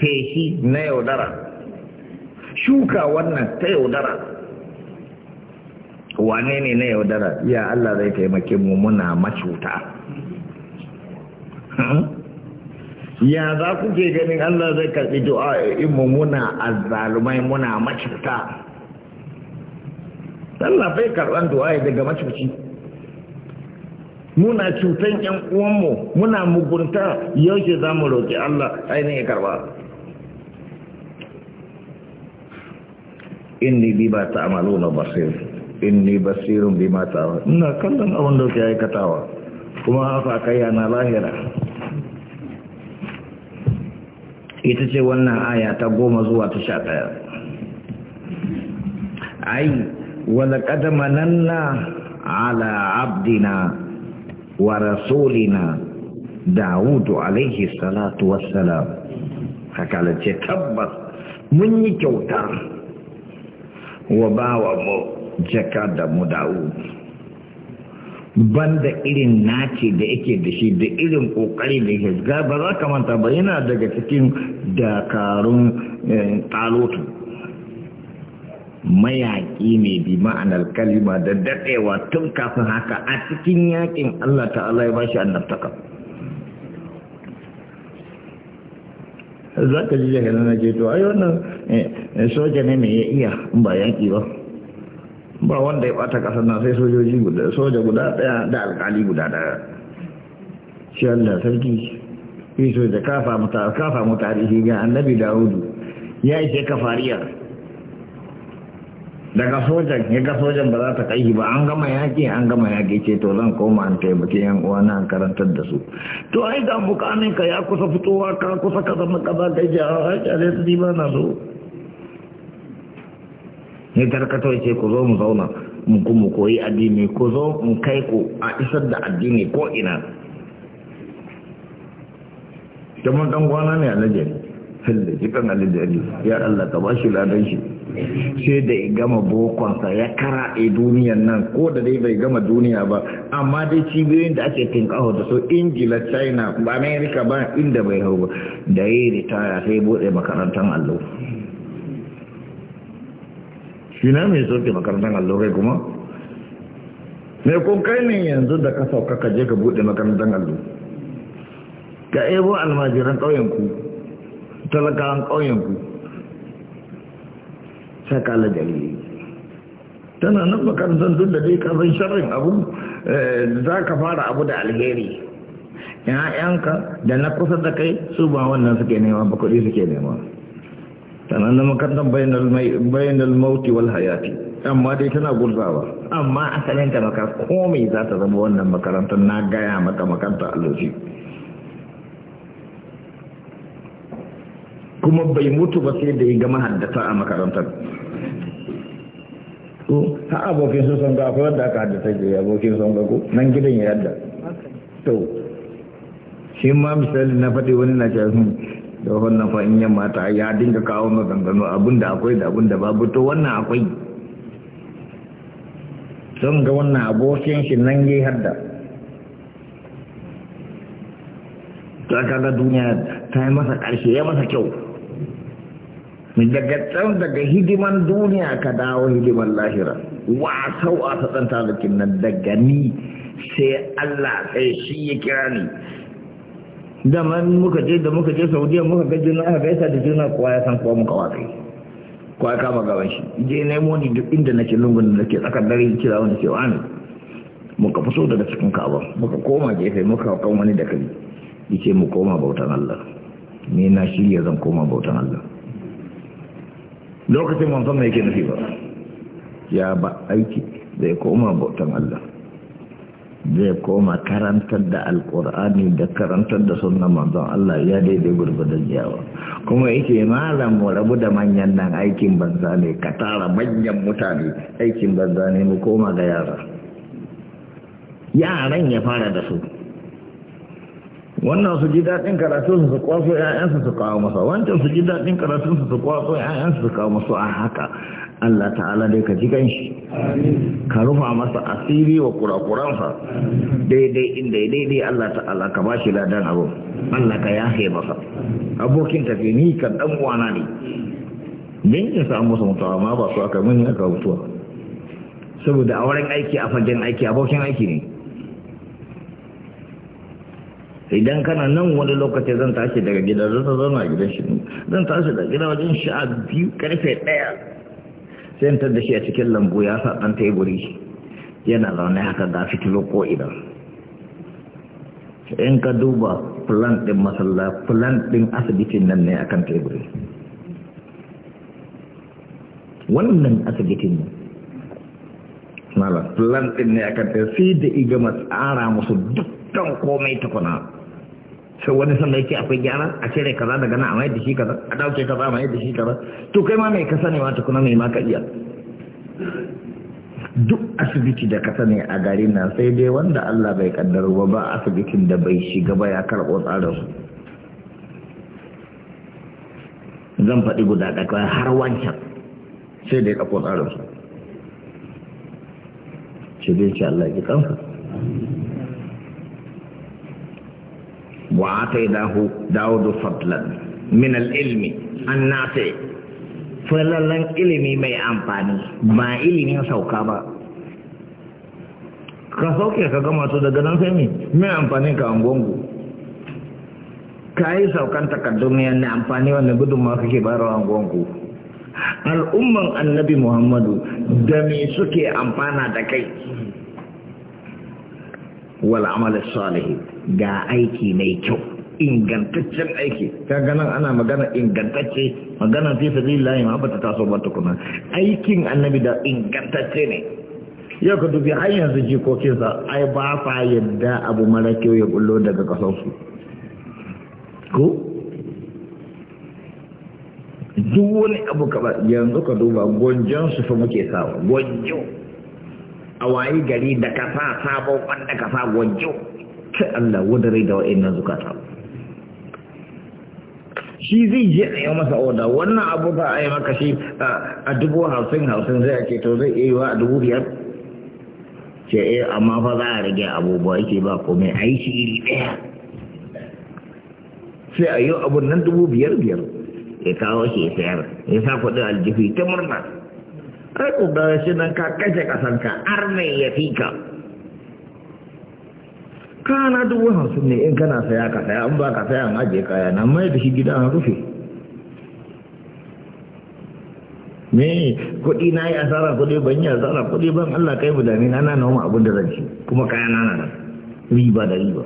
feshi na yaudara shuka wannan ta yaudara wane ne na yaudara ya Allah zai taimake mu muna macuta hmm? ya za ku ke ganin Allah zai karɓi du'a in mu muna azzalumai muna macuta Allah bai karɓar duwaye daga macuci muna cutan ƴan uwanmu muna mugunta yaushe za mu roƙi Allah ainihin karɓa inni bi ba ta amalu na basir inni basirun bi ma ta ina kallon abin da ke aikatawa kuma haka kai yana lahira ita ce wannan aya ta goma zuwa ta sha ɗaya ai wala ƙadamananna ala abdina wa rasulina dawudu alaihi salatu wassalam haka ce tabbas mun yi kyauta wa bawa mu jaka da mu dawudu banda irin naci da yake da shi da irin kokari da hezga ba za ka manta ba yana daga cikin dakarun talotu. mayaƙi ne bi ma'anar kalima da daɗewa tun kafin haka a cikin yaƙin Allah ta'ala ya bashi annabtaka za ka ji jahil na ce to ai wannan eh, soja ne mai iya in ba yaƙi ba ba wanda ya ɓata ƙasar na sai sojoji guda soja guda ɗaya da alƙali guda ɗaya shi Allah sarki fi soja kafa mutarihi ga annabi dawudu ya ishe kafariya daga sojan ya ga sojan ba za ta kai ba an gama yaƙi an gama yaƙi ce to zan koma an taimake yan uwa an karantar da su to ai ga bukanin ka ya kusa fitowa ka kusa ka zama ka ba gaji a haƙƙare su ba na zo ne tarkato ce ku zo mu zauna mu kuma koyi addini ku zo mu kai ku a isar da addini ko ina kamar dan gwana ne a najeriya fil jikan alijari ya Allah ka bashi ladan shi sai da ya gama bokonsa ya kara a duniyan nan ko da dai bai gama duniya ba amma dai cibiyoyin da ake tinkaho da su ingila china ba america ba inda bai hau ba da ya yi ritaya sai bude makarantar allo shi na mai soke makarantar allo kai kuma mai kun kai ne yanzu da ka sauka ka je ka bude makarantar allo ka ebo almajiran ƙauyenku talakawan ƙauyenku sakala dalili tana nan makarantar duk da dai kafin sharrin abu eh, za ka fara abu da alheri ‘ya'yanka da na kusa da kai su ba wannan suke nema ba kuɗi suke nema tana nan makarantar bayan almauti wal hayati amma dai tana gurzawa amma asalin ta maka komai za ta zama wannan makarantar na gaya maka makarantar alhaji kuma bai mutu ba sai da ya gama haddasa a makarantar Ko ha abokin sun san ga akwai wanda aka haddasa ke abokin sun ga ko nan gidan ya yadda to shi ma misali na faɗi wani na cewa hmm, da wannan fa in yamma ta ya dinga kawo maganganu da akwai da da babu to wannan akwai don ga wannan abokin shi nan ya hadda ta kaga duniya ta yi masa ƙarshe ya masa kyau daga can daga hidiman duniya ka dawo hidiman lahira wasa wasa tsanta talakin nan daga ni sai Allah sai shi ya kira ni da man muka je da muka je saudiya muka ga juna aka gaisa da juna kowa ya san kowa muka watsa kowa ya kama gaban shi je nemo ni duk inda ke lungun da ke tsakar dare kira wani ke wani muka fito daga cikin kaba muka koma gefe muka kan wani da kari yace mu koma bautan Allah ni na shirya zan koma bautan Allah lokacin manzon mai ke nufi ba ya ba aiki zai koma bautan Allah zai koma karantar da alkur'ani da karantar da sunan manzon Allah ya daidai da yawa kuma yake malam mu rabu da manyan nan aikin banza ne ka tara manyan mutane aikin banza ne mu koma ga yara yaran ya fara da su wannan su ji daɗin karatun su kwaso ‘ya'yansu su kawo masa wancan su ji daɗin karatun su kwaso ‘ya'yansu su kawo masu a haka Allah ta'ala dai ka ji ganshi ka rufa masa asiri wa kurakuransa daidai inda daidai Allah ta'ala ka bashi ladan abu Allah ka yahe masa abokin tafi ni kan ɗan wana ne din ya samu musu mutuwa ma ba su aka mun aka mutuwa saboda a wurin aiki a fagen aiki abokin aiki ne idan kana nan wani lokaci zan tashi daga gida zan zauna gidan shi zan tashi daga gida wajen a biyu karfe daya sai ta da shi a cikin lambu ya sa ɗan teburi yana zaune haka ga fitilo ko idan in ka duba plan ɗin masalla plan ɗin asibitin nan ne akan teburi wannan asibitin ne plan ɗin ne akan teburi sai da igama tsara musu dukkan komai tukuna So wani sanda yake akwai gyara a cire kaza daga nan a mayar da shi kaza a dauke kaza a mayar da shi kaza to kai ma mai kasa ne ma tukuna mai ma ka iya duk asibiti da kasa ne a gari na sai dai wanda Allah bai kaddar ba ba asibitin da bai shiga ba ya karɓo tsarin su zan faɗi guda daga har wancan sai dai ya tsarin su shi dai ce Allah ya kansa وآتيناه داود فضلا من العلم النافع ilimi علمي amfani, ba ما علمي سوكابا ka sauke ka gama su daga nan sai me mai amfani ka angongo ka yi saukan takardun ne yana amfani wannan ma kake bayarwa angongo al'umman annabi muhammadu da me suke amfana da kai wal amal salih ga aiki mai kyau ingantaccen aiki ka ganin ana magana ingantacce magana fi sabilillahi ma ba ta taso ba tukuna aikin annabi da ingantacce ne yau ka dubi har yanzu jikokinsa ai ba fa yadda abu mara kyau ya bullo daga kasansu ko duk wani abu kaba yanzu ka duba gwanjon su fa muke sawa gwanjo a wayi gari da ka sa sabon wanda ka sa gwanjo ta Allah rai da wa'annan zukata shi zai je a yi masa oda wannan abu ba a yi maka shi a dubu hausin hausin zai ake to zai iya wa a dubu biyar ce eh amma fa za a rage abubuwa yake ba mai a yi shi iri ɗaya sai a yi abun nan dubu biyar biyar ya kawo shi ya sayar ya sa kuɗin aljihu ta murna ai ko ga shi nan ka kashe ƙasanka ar mai ya fi ka kana dubu hamsin ne in kana saya ka saya an ba ka saya an ajiye kaya na mai da shi gida an rufe me kuɗi na yi asara kuɗi ban yi asara kuɗi ban Allah kai mu dami na na noma abin da zan ci kuma kaya na na riba da riba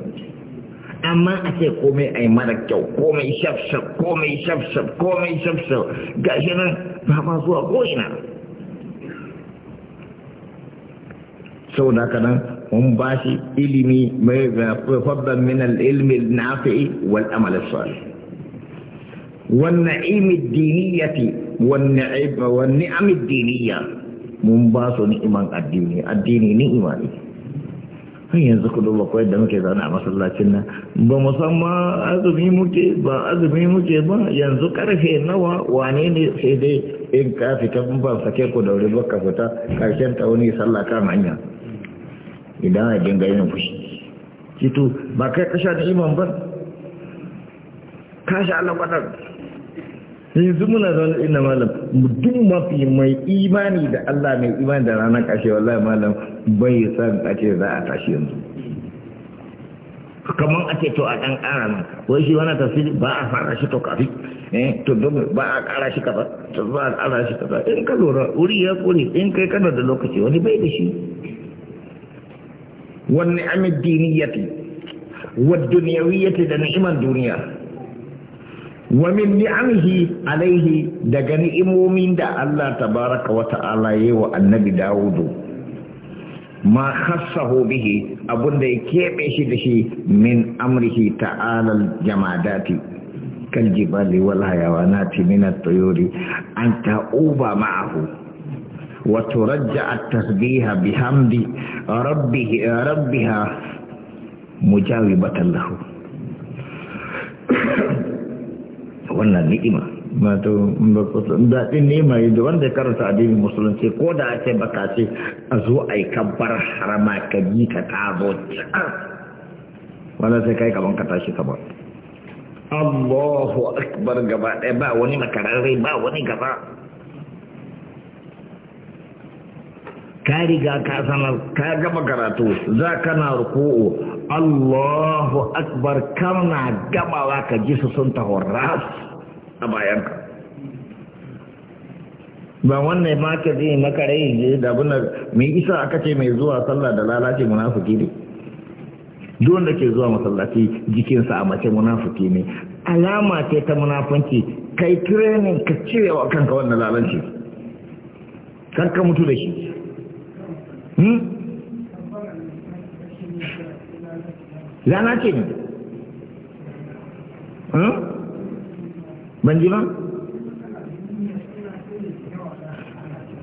amma a ce komai a yi mara kyau komai shafshaf komai shafshaf komai shafshaf gashi nan ba ma zuwa ko ina da haka mun ba shi ilimi mai fadlan min al na al-nafi'i wal amal as-salih wan na'im ad-diniyati wan na'im wan ni'am ad-diniyya mun ba su ni'iman addini addini ni'ima ne har yanzu ku duba kawai da muke zaune a masallacin nan ba musamman azumi muke ba azumi muke ba yanzu karfe nawa wane ne sai dai in ka fita ban sake ku daure ba ka fita karshen ta wani sallah kan hanya idan a dinga yin fushi cito ba kai kasha da iman ba kasha alaƙwadar yanzu muna zaune ina malam mutum mafi mai imani da Allah mai imani da ranar kashe wallahi malam bai san ce za a tashi yanzu kamar a ce to a ɗan ƙara nan wai shi wani tafsiri ba a fara shi to kafi eh to don ba a ƙara shi kafa to ba a ƙara shi kafa in ka lura wuri ya kore in kai kana da lokaci wani bai da shi والنعم الدينية والدنيوية لنعم الدنيا ومن نعمه عليه دقن إمومين دا الله تبارك وتعالى والنبي داود ما خصه به أبن دي كيبشي من أمره تعالى الجمادات كالجبال والحيوانات من الطيور أن تؤوب معه وترجع التسبيح بحمد ربه ربها مجاوبة له wannan ni'ima wato daɗin ni'ima yadda wanda ya karanta addinin musulunci ko da ake baka ce a zo a yi kabbar harama ka ji ka tazo wanda sai kai gaban ka tashi ka ba Allahu akbar gaba ɗaya ba wani makararre ba wani gaba ka riga ka sanar ka gama karatu za ka na ruku'u Allahu akbar kana gamawa ka ji su sun taho ras a bayanka ba wannan ma ka zai makare da abin mai isa aka ce mai zuwa sallah da lalace munafiki ne duk wanda ke zuwa masallaci jikinsa a mace munafuki ne alama ce ta munafanci kai training ka cirewa kanka wannan lalace kar ka mutu da shi Hmm? Zana ce ne hmm? ban ba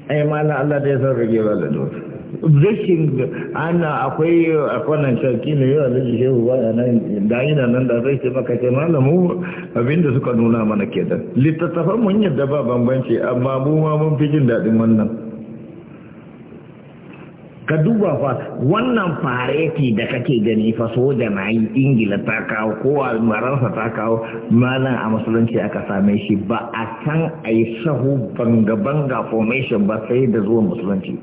ai eh, mala Allah da ya san rage ba da dole rashin ana akwai a kwanan shaki ne yau da shehu ba nan da ina nan da zai ce maka ce malamu abinda suka nuna mana kenan littattafan mun yadda ba bambanci amma mu ma mun fi jin daɗin wannan ka duba fa wannan fareti da kake gani fa soja na yi ingila ta kawo ko mararsa ta kawo malam a musulunci aka same shi ba a can a yi sahu banga-banga formation ba sai da zuwa musulunci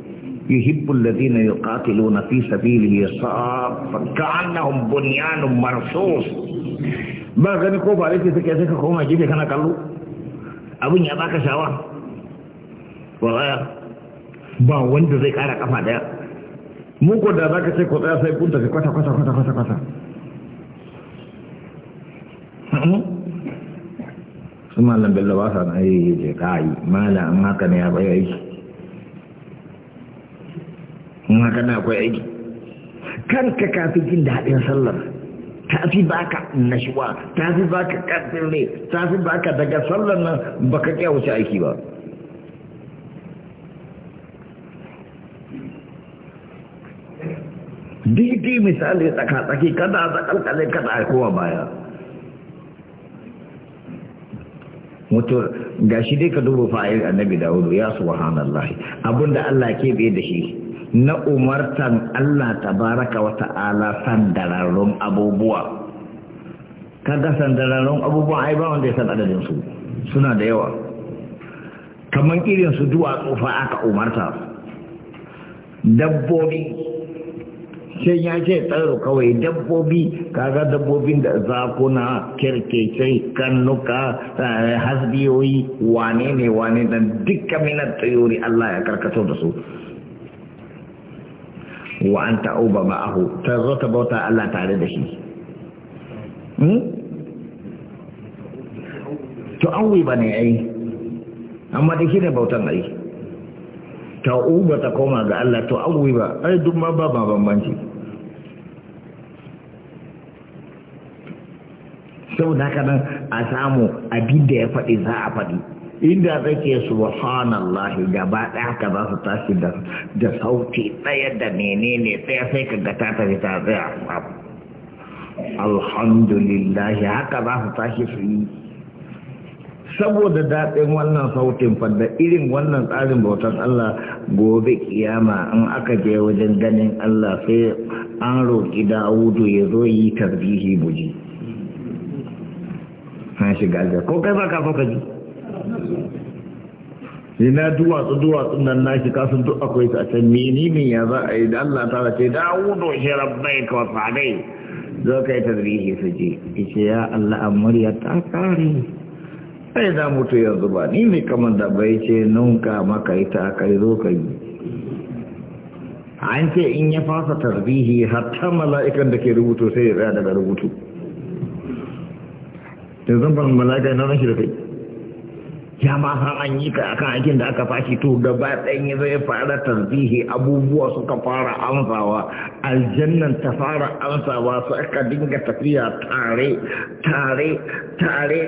yuhibbul ladina yuqatiluna fi sabilihi saffan ka'annahum bunyanun marsus ba gani ko fareti suke suka koma gefe kana kallo abin ya baka shawar? ba wanda zai kara kafa daya muku da za ka ce ku tsaya sai kun tafi kwata kwata kwata kwata kwata hmm? su malam bello ba sa na yi je kai Mala an haka ne ya bai aiki in haka na akwai aiki kanka kafi jin daɗin sallar ta fi baka nashuwa ta fi baka kafin ne ta fi baka daga sallar nan baka kyawuce aiki ba daidai misali tsaka-tsaki kada a tsakalkale kada a kowa baya mutu ga shi dai ka duba fa'il annabi dawudu ya su subhanallah abinda Allah ke bai da shi na umartan Allah ta baraka wa ta'ala sandararrun abubuwa kada sandararrun abubuwa ai ba wanda ya san adadin su suna da yawa kamar irin su duwatsu fa aka umarta dabbobi sai ya ce tsaro kawai dabbobi kaga dabbobin da zakuna kirkecai kannuka eh, hasbiyoyi wane ne wane dan dukkan minar tsayori Allah ya karkato da su wa an ta'uba ma'ahu ta zo ta bauta Allah tare da shi hmm? to an ba ne ai amma da shi ne bautan ai ta uba ta koma ga Allah to an ba ai duk ma ba bambanci saboda haka nan a samu abin da ya faɗi za a faɗi inda zake subhanallah gaba ɗaya ka za su tashi da sauti ɗaya da menene ɗaya sai ka ga ta tafi ta tsaya alhamdulillah haka za su tashi su yi saboda daɗin wannan sautin fadda irin wannan tsarin bautan Allah gobe kiyama in aka je wajen ganin Allah sai an roƙi Dawudu ya zo yi tarbihi buji na shiga aljanna ko kai ba ka ji sai na duwatsu duwatsu nan na shi kasu duk akwai su a can mini min ya za a yi da Allah ta ce dawudu shi rabbai ka fadai zo kai tazrihi su je ishe ya Allah a murya ta kare sai za mutu yanzu ba ni ne kamar da bai ce nunka maka ita kai zo ka yi an ce in ya fasa tarbihi hatta mala'ikan da ke rubutu sai ya tsaya daga rubutu da zamban malaka na rashi da kai ya ma san an yi ka akan aikin da aka fashi to ba ɗayan yi zai fara tarzihi abubuwa suka fara amsawa aljannan ta fara amsawa su aka dinga tafiya tare tare tare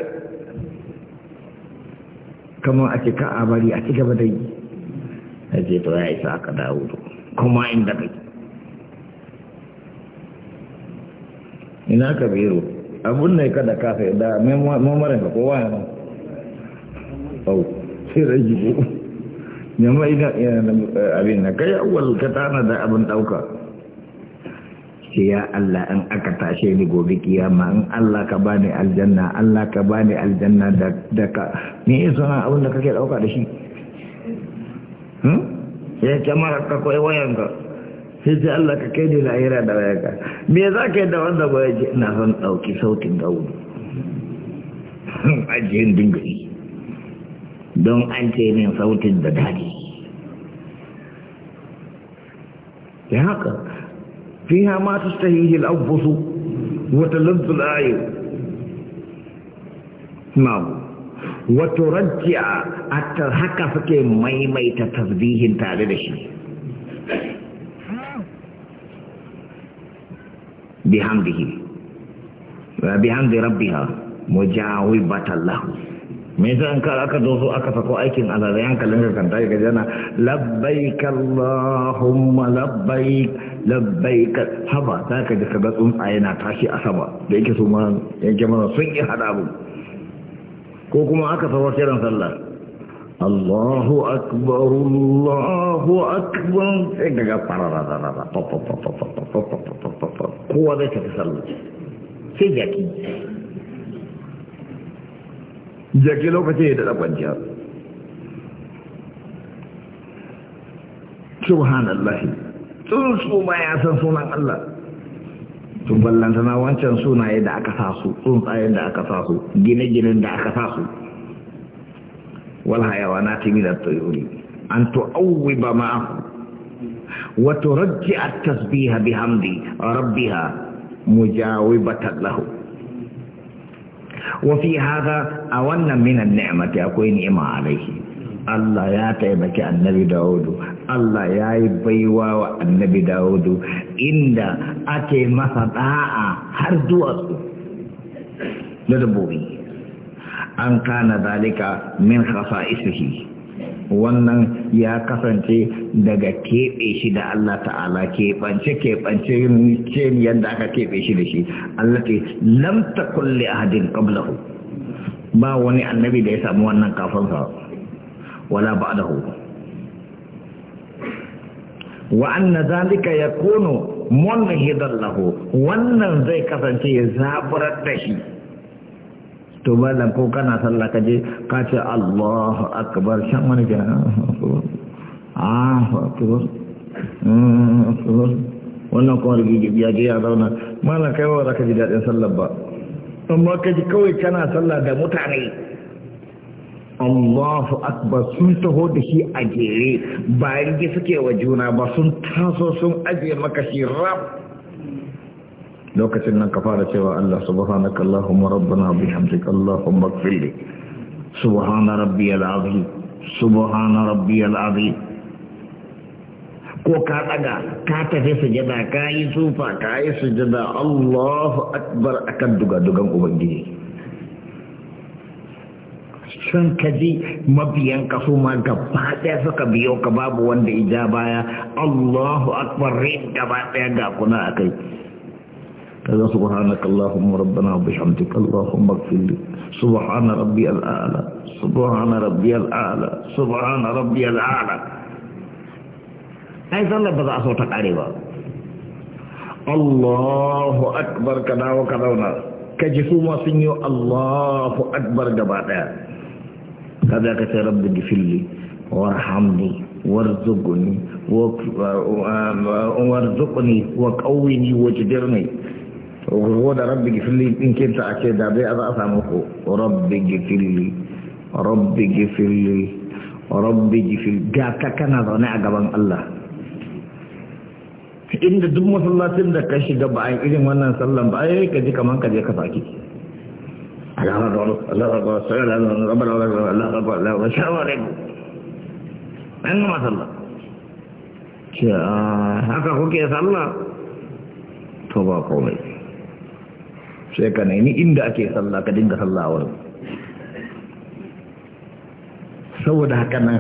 kamar a cika a bari a cigaba da yi a ce to ya isa aka dawo kuma inda kai ina kabiru abun ne kada ka sai da mamarin ka kowa ya nan au sai da ko yamma idan abin na kai awal ka tana da abin dauka ce ya Allah in aka tashe ni gobe kiyama in Allah ka bani aljanna Allah ka bani aljanna da da ka me yi na abin da kake dauka da shi hmm? Ya sai kamar ka koyi wayanka sai Allah ka kai ne lahira da bayaka me za ka yi da wanda ba ya ce ina son dauki sautin gauni ajiyar dingari don an ce min sautin da dadi ya haka fi ha ma ta stahihi al'abusu wata lantul ayo ma'u wato rajiya a haka suke maimaita tasbihin tare da shi bihamdihi wa bihamdi rabbiha mujawibatan lahu me yasa an kar aka zo aka sako aikin azara yankalin ka kan tayi gajana labbaik allahumma labbaik labbaik haba za ka ji kaga tsuntsaye na tashi a sama da yake su ma yanke mana sun yi hada ko kuma aka sako kiran sallah Allahu akbar Allahu akbar sai daga farara kowa zai tafi sallah sai jaki jaki lokacin ya daɗa kwanciya subhanallah su ma ya san sunan Allah tun ballanta na wancan sunaye da aka sa su tsuntsayen da aka sa su gine-ginen da aka sa su wal hayawa na timi da tsoyori an tu'awwi ba ma'a وترجع التسبيح بحمد ربها مجاوبة له وفي هذا أولا من النعمة akwai نعمة عليه Allah ya taimaki annabi Dawudu, Allah ya yi baiwa wa annabi Dawudu inda ake masa da'a har duwatsu Ladabobi, dabobi. An kana zalika min khasa wannan ya kasance daga keɓe shi da Allah ta'ala keɓance keɓance ce yadda aka keɓe shi da shi Allah ce lamta kulle ahadin qablahu ba wani annabi da ya samu wannan kafansa wala ba'dahu wa anna zalika yakunu munhidan wannan zai kasance ya zaburar da shi to malam ko kana sallah ka je ka ce Allahu akbar shan wani ga Allahu ah, mm, akbar wannan kuma ya je ya zauna malam kai ba zaka ka ji daɗin sallah ba amma ka ji kawai kana sallah da mutane Allahu akbar sun taho da shi a jere ba rige suke wa juna ba sun taso sun aje maka shi rab lokacin nan ka fara cewa Allah subhanaka Allahumma rabbana bihamdika Allahumma ighfir li subhana rabbiyal azim subhana rabbiyal azim ko ka daga ka tafi sujada ka yi sufa ka yi sujada Allahu akbar akan duga dugan ubangiji sun kaji mabiyan kaso ma gaba ɗaya suka biyo ka babu wanda ija baya Allahu akbar rin gaba ɗaya ga kuna akai كذا سبحانك اللهم ربنا وبحمدك اللهم اغفر لي سبحان ربي الأعلى سبحان ربي الأعلى سبحان ربي الأعلى أي صلى بضع صوتك عريبا الله أكبر كذا وكذا ونا كجفو سنيو الله أكبر جبادا كذا كسي ربي اغفر لي وارحمني وارزقني وارزقني وقويني وجدرني ko da rabbi gifirli a ce da bai za a samu ko rabbi gifirli rabbi gifirli rabbi gifirli ga ka kana zaune a gaban Allah inda duk masallacin da ka shiga ba a irin wannan sallan ba ai ka ji kaman ka je ka saki Allah Allah Allah Allah Allah Allah Allah Allah Allah ɗan masalla Allah haka kuke Allah to ba Allah sai ka nemi inda ake sallah ka dinga sallah wurin saboda haka nan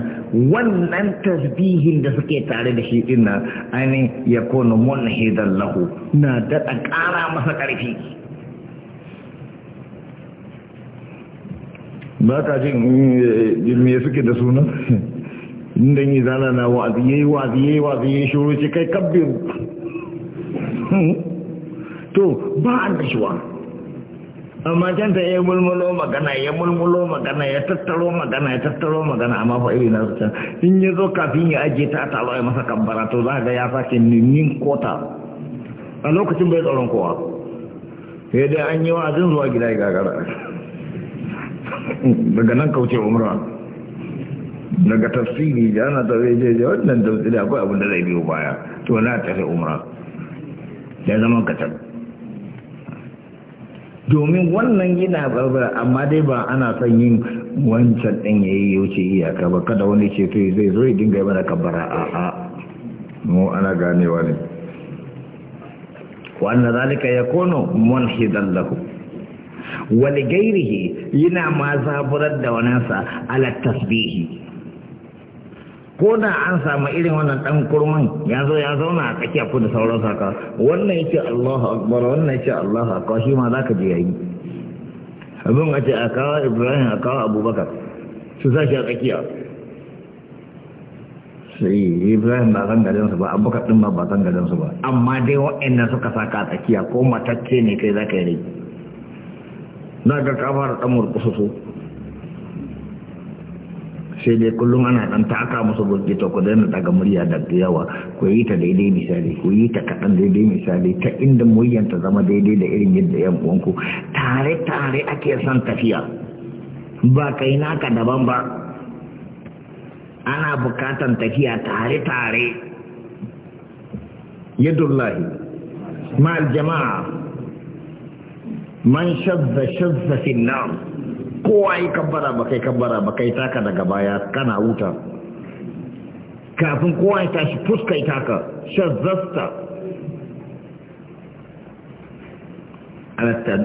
wannan tasbihin da suke tare da shi din nan ainihin ya kone munhidan lahu na daɗa ƙara masa ƙarfi ba ka jin eh, me suke da suna inda yi zana na wa'azi yayi wa'azi yayi wa'azi yayi shuru ce kai kabbiru hmm? to ba annashuwa amma can ta ya mulmulo magana ya mulmulo magana ya tattaro magana ya tattaro magana amma fa iri na can in ya zo kafin ya ajiye ta taro ya masa kabbara to za ga ya sake nin kota a lokacin bai tsaron kowa sai dai an yi wa wa'azin zuwa gida ya gagara daga nan kauce umra daga tafsiri da ana tafiye jeje wannan tafsiri akwai abin da zai biyo baya to na tafi umra ya zama kacal domin wannan yana barbar amma dai ba ana son yin wancan ɗin ya yi wuce iyaka ba kada wani ce to zai zo ya dinga yi mana kabara a a mu ana ganewa ne wannan zalika ya kono munhidan lahu wani gairihi yana ma zaburar da wanansa ala tasbihi ko da an samu irin wannan dan kurman ya zo ya zauna a tsakiya ko da sauran saka wannan yake Allahu akbar wannan yake Allahu akbar shi ma zaka je yayi abin a ce a kawo Ibrahim a kawo Abubakar su sashi a tsakiya sai Ibrahim ba san garin su ba Abubakar din ba ba san garin su ba amma dai wa'annan suka saka a tsakiya ko matacce ne kai zaka yi na ga kafar dan murkusu sai dai kullum ana dan taka musu gurgi to ku daina daga murya da yawa ku yi ta daidai misali ku yi ta kaɗan daidai misali ta inda muryan ta zama daidai da irin yadda yan uwanku tare tare ake son tafiya ba kai naka daban ba ana bukatan tafiya tare tare yadullahi ma'al jama'a man shazza shazza fi nar kowa yi kabbara ba kai kabbara ba kai taka daga baya kana wuta kafin kowa ya tashi fuska taka shazzasta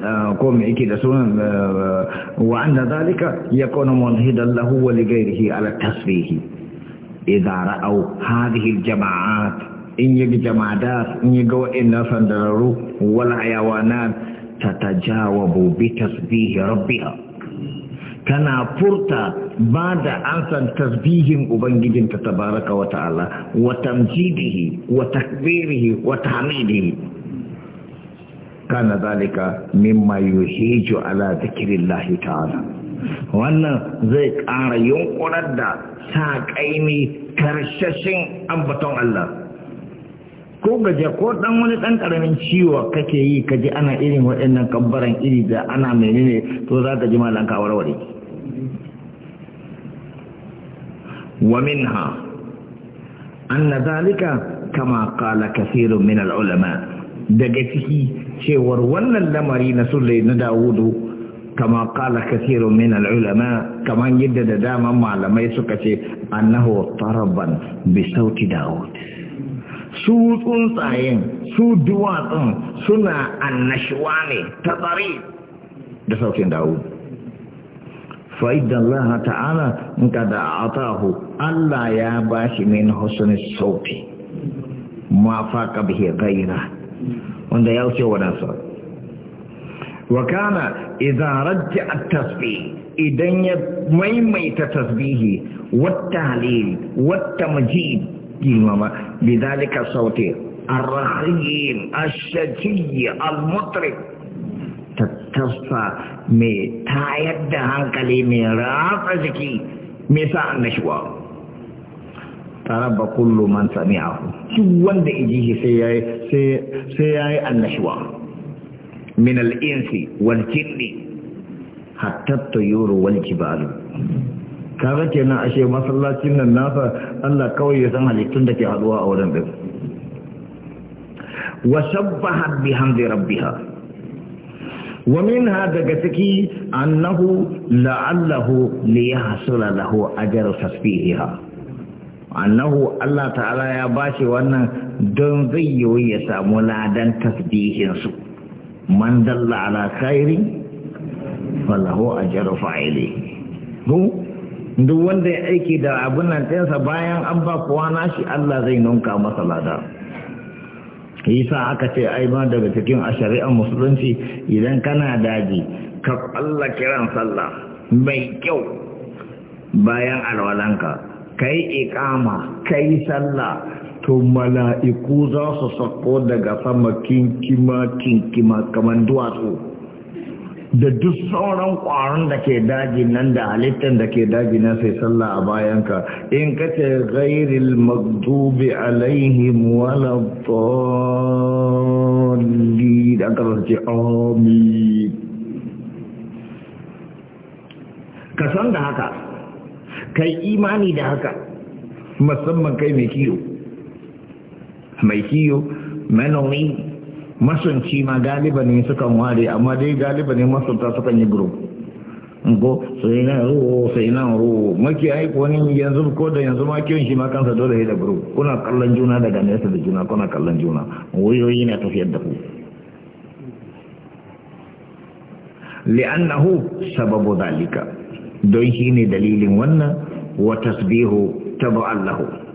ah, ko me yake da sunan ah, ah, wa anna zalika yakunu da lahu wa li gairihi ala tasbihi idza ra'au hadhihi jamaat in yaga jama'at in yaga wa'annan sandararu wal ta tatajawabu bi tasbihi rabbiha tana furta ba da ansan tasbihin ubangijinta tabaraka wa ta'ala wa tamjidihi wa takbirihi wa tahmidihi kana zalika mimma yuhiju ala lahi ta'ala wannan zai ƙara yunƙurar da sa ƙaimi karshashin ambaton Allah ko gaje ko dan wani dan karamin ciwo kake yi kaji ana irin waɗannan kambaran iri da ana menene to za ka ji malanka ka warware ومنها أن ذلك كما قال كثير من العلماء دقته شور ون اللمري نسل نداود كما قال كثير من العلماء كما يدد داما معلم يسكت أنه طربا بصوت داود su tsuntsayen su duwatsun suna annashuwa ne ta tsari da sautin dawudu فإن الله تعالى قد أعطاه ألا يا باش من حسن الصوت ما فاق به غيره وأن يوشي ونصر وكان إذا رجع التسبيح إذا يميميت التسبيح والتهليل والتمجيد بذلك الصوت الرخيم الشجي المطرب tattarsa mai tayar da hankali mai ratsa jiki mai sa annashuwa tarabba kullum man ahu shi wanda iji shi sai ya yi annashuwa min al-insi wal jinni hatta tuyuru ba jibalu kaga kenan ashe masallacin nan nasa Allah kawai ya san halittun da ke haduwa a wurin din wa bihamdi rabbiha ومنها دقتكي أنه لعله ليحصل له أجر تسبيحها أنه الله تعالى يا باشي وأن دون ذي ويسام ولادا تسبيح من دل على خير فله أجر فاعله هو duk wanda ya aiki da abin nan ɗinsa bayan an ba kuwa nashi Allah zai nunka masa lada. sa aka ce ai daga cikin a shari'ar musulunci idan kana daji ka Allah kiran sallah mai kyau bayan alwalanka kai ikama kai sallah to mala'iku za su sako daga sama kinkima kinkima kamar duwatsu da duk sauran kwarin da ke daji nan da halittar da ke daji na sai sallah a bayanka in ka ce gairil magdubi alaihim wala tsalli da aka ce amin ka san da haka kai imani da haka musamman kai mai kiyo mai kiyo manomi masunci ma galiba ne sukan ware amma dai galiba ne masunta sukan yi group ko sai na ruwa sai na ruwa maki ai ko ni yanzu ko da yanzu ma kiyon shi ma kansa dole ya da group kuna kallon juna daga nesa da juna kuna kallon juna wayoyi na tafiyar da ku li'annahu sababu zalika don shine dalilin wannan wa tasbihu allahu.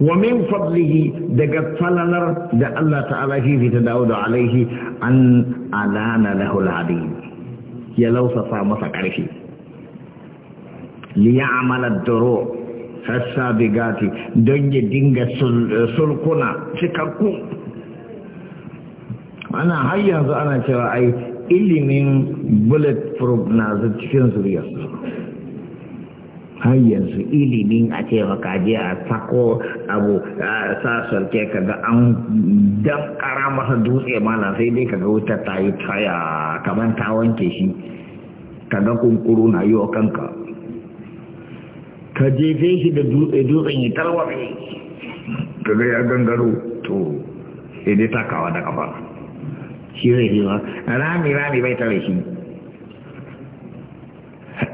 wa min fadlihi daga falalar da Allah ta'ala shi fi ta dawo da alaihi an alana lahu alhadid ya lausasa masa ƙarfi li ya'mala duru hassa don ya dinga sulkuna cikakku ana har yanzu ana cewa ai ilimin bulletproof na cikin zuriyarsu har yanzu ilimin a ce ka je a sako abu a sasarke ka ga an kara masa dutse mana sai dai kaga wuta ta yi taya kamar ta wanke shi kaga kunkuru na yi wa kanka ka jefe shi da dutse dutsen yi tarwabe kaga ya gangaro to sai dai takawa da kafa shi zai shi ba rami rami bai tare shi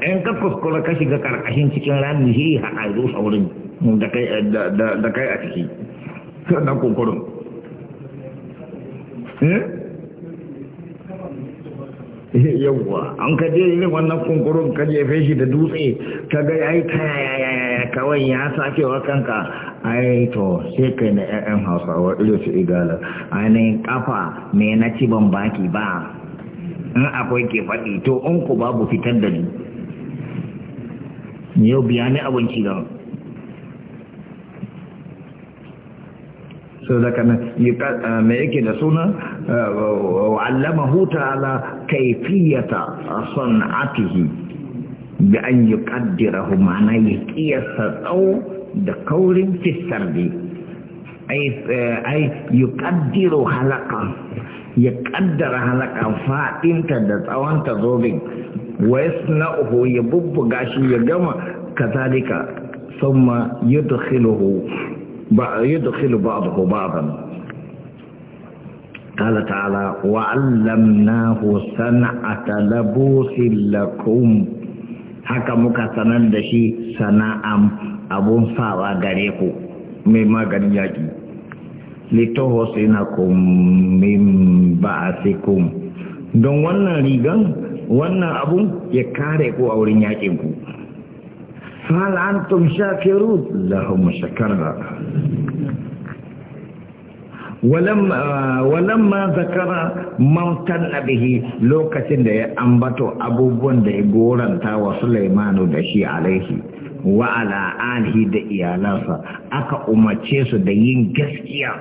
in ka kuskura ka shiga karkashin cikin rami shi haɗa rusa wurin da kai a ciki sannan kunkurin eh? eh, yawwa an ka je irin wannan kunkurun ka jefe shi da dutse ka ga ai ta yaya kawai ya sake wa kanka ai to sai kai na ƴaƴan hausawa irin su igala ainihin kafa me na ci ban baki ba in akwai ke faɗi to in ku babu fitar da ni yau biya ne abin kiran sau da kanan mai yake da suna wa'allama huta ala kaifiyata san'atihi bi an yi ƙaddira ma'ana ya ƙiyasta tsawo da kaurin fistar ne ai yi ƙaddiro halakan ya ƙaddara halakan fa'inta da tsawonta zobin wa uhu ya bubbuga shi ya gama kazalika thumma yudkhiluhu ba yudkhilu ba'dahu ba'dan ta'ala wa 'allamnahu san'ata لبوس lakum haka muka sanar da shi sana'am abun sawa gare ku mai maganin yaƙi litohos ina min ba'asikum don wannan rigan wannan abun ya kare ku a wurin yaƙin ku fal antum shakirun lahum shakarna ولما ولما ذكر na bihi lokacin da ya ambato abubuwan da ya goranta wa Sulaimanu da shi alaihi wa ala da iyalansa aka umarce su da yin gaskiya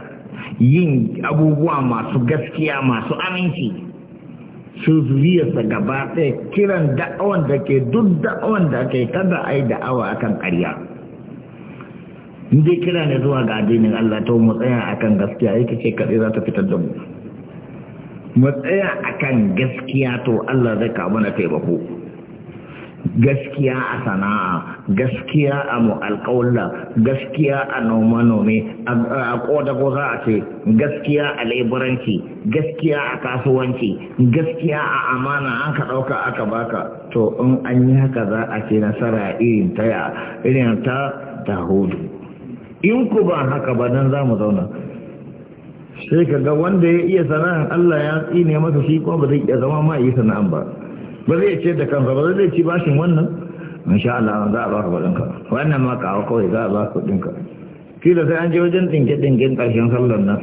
yin abubuwa masu gaskiya masu aminci su zuriyarsa gaba ɗaya kiran da'awan da ke duk da'awan da ke kada a yi da'awa akan ƙarya dai kira ne zuwa ga addinin Allah ta mu tsaya akan gaskiya ita ce kaɗai za ta fitar da mu mu tsaya akan gaskiya to Allah zai kawo na taimako gaskiya a sana'a gaskiya a alƙawulla gaskiya a noma-nome a ko za a ce gaskiya a laiburanci gaskiya a kasuwanci gaskiya a amana an ka ɗauka aka baka to in an yi haka za a ce nasara irin ta irin ta hudu. in ku ba haka ba nan za mu zauna sai ka ga wanda ya iya sana'ar Allah ya tsine masa shi kuma ba zai iya zama ma yi sana'a ba ba zai ce da kansa ba zai ci bashin wannan sha Allah za a ba ka kuɗinka wannan ma kawo kawai za a ba ka kuɗinka kila sai an je wajen ɗinke-ɗinken ƙarshen sallar nan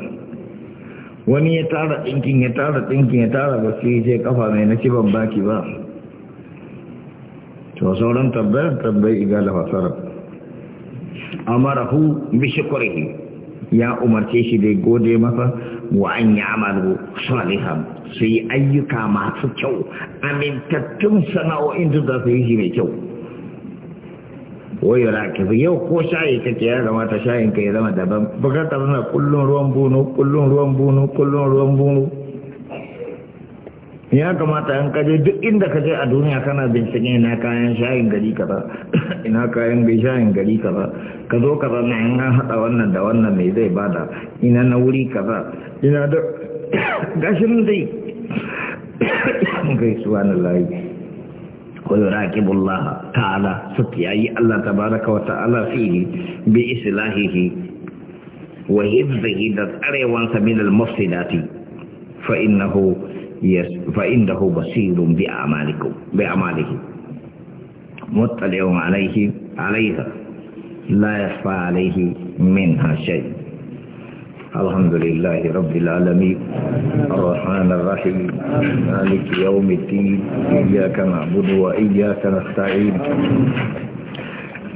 wani ya tara ɗinkin ya tara ɗinkin ya tara ba su yi kafa mai na ban baki ba to sauran tabbayar tabbai igala amara hu bi shukrihi ya umarce shi da gode masa wa an yi amalu salihan su yi ayyuka masu kyau amintattun sana'o'in da za su yi shi mai kyau wai yana kifi yau ko shayi kake ya zama ta shayin ka ya zama daban bukatar na kullum ruwan bunu kullum ruwan bunu kullum ruwan bunu ya kamata an kaje duk inda ka je a duniya kana bincike ina kayan shayin gari kaza ina kayan bai shayin gari kaza ka zo kaza na in an haɗa wannan da wannan mai zai bada ina na wuri kaza ina da gashin dai gaisuwa na layi wayuraqibullah ta'ala su yi Allah tabaraka wa ta'ala fihi bi islahihi wa hifzihi da tsarewansa min al-mufsidati fa innahu فإنه بصير بأعمالكم بأعماله مطلع عليه عليها لا يخفى عليه منها شيء الحمد لله رب العالمين الرحمن الرحيم مالك يوم الدين إياك نعبد وإياك نستعين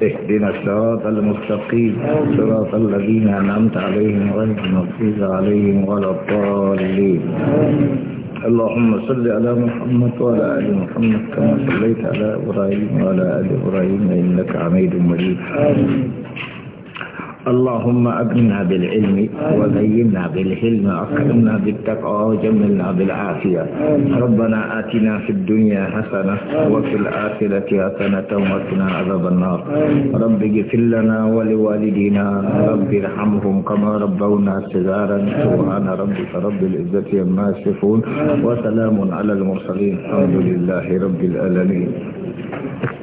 اهدنا الصراط المستقيم صراط الذين أنعمت عليهم غير المغضوب عليهم ولا الضالين اللهم صل على محمد وعلى آل محمد كما صليت على إبراهيم وعلى آل إبراهيم إنك عميد مجيد آمين اللهم أبننا بالعلم وزينا بالحلم أكرمنا بالتقوى وجملنا بالعافية ربنا آتنا في الدنيا حسنة وفي الآخرة حسنة وقنا عذاب النار رب اغفر لنا ولوالدينا رب ارحمهم كما ربونا صغارا سبحان ربك رب العزة عما يصفون وسلام على المرسلين الحمد لله رب العالمين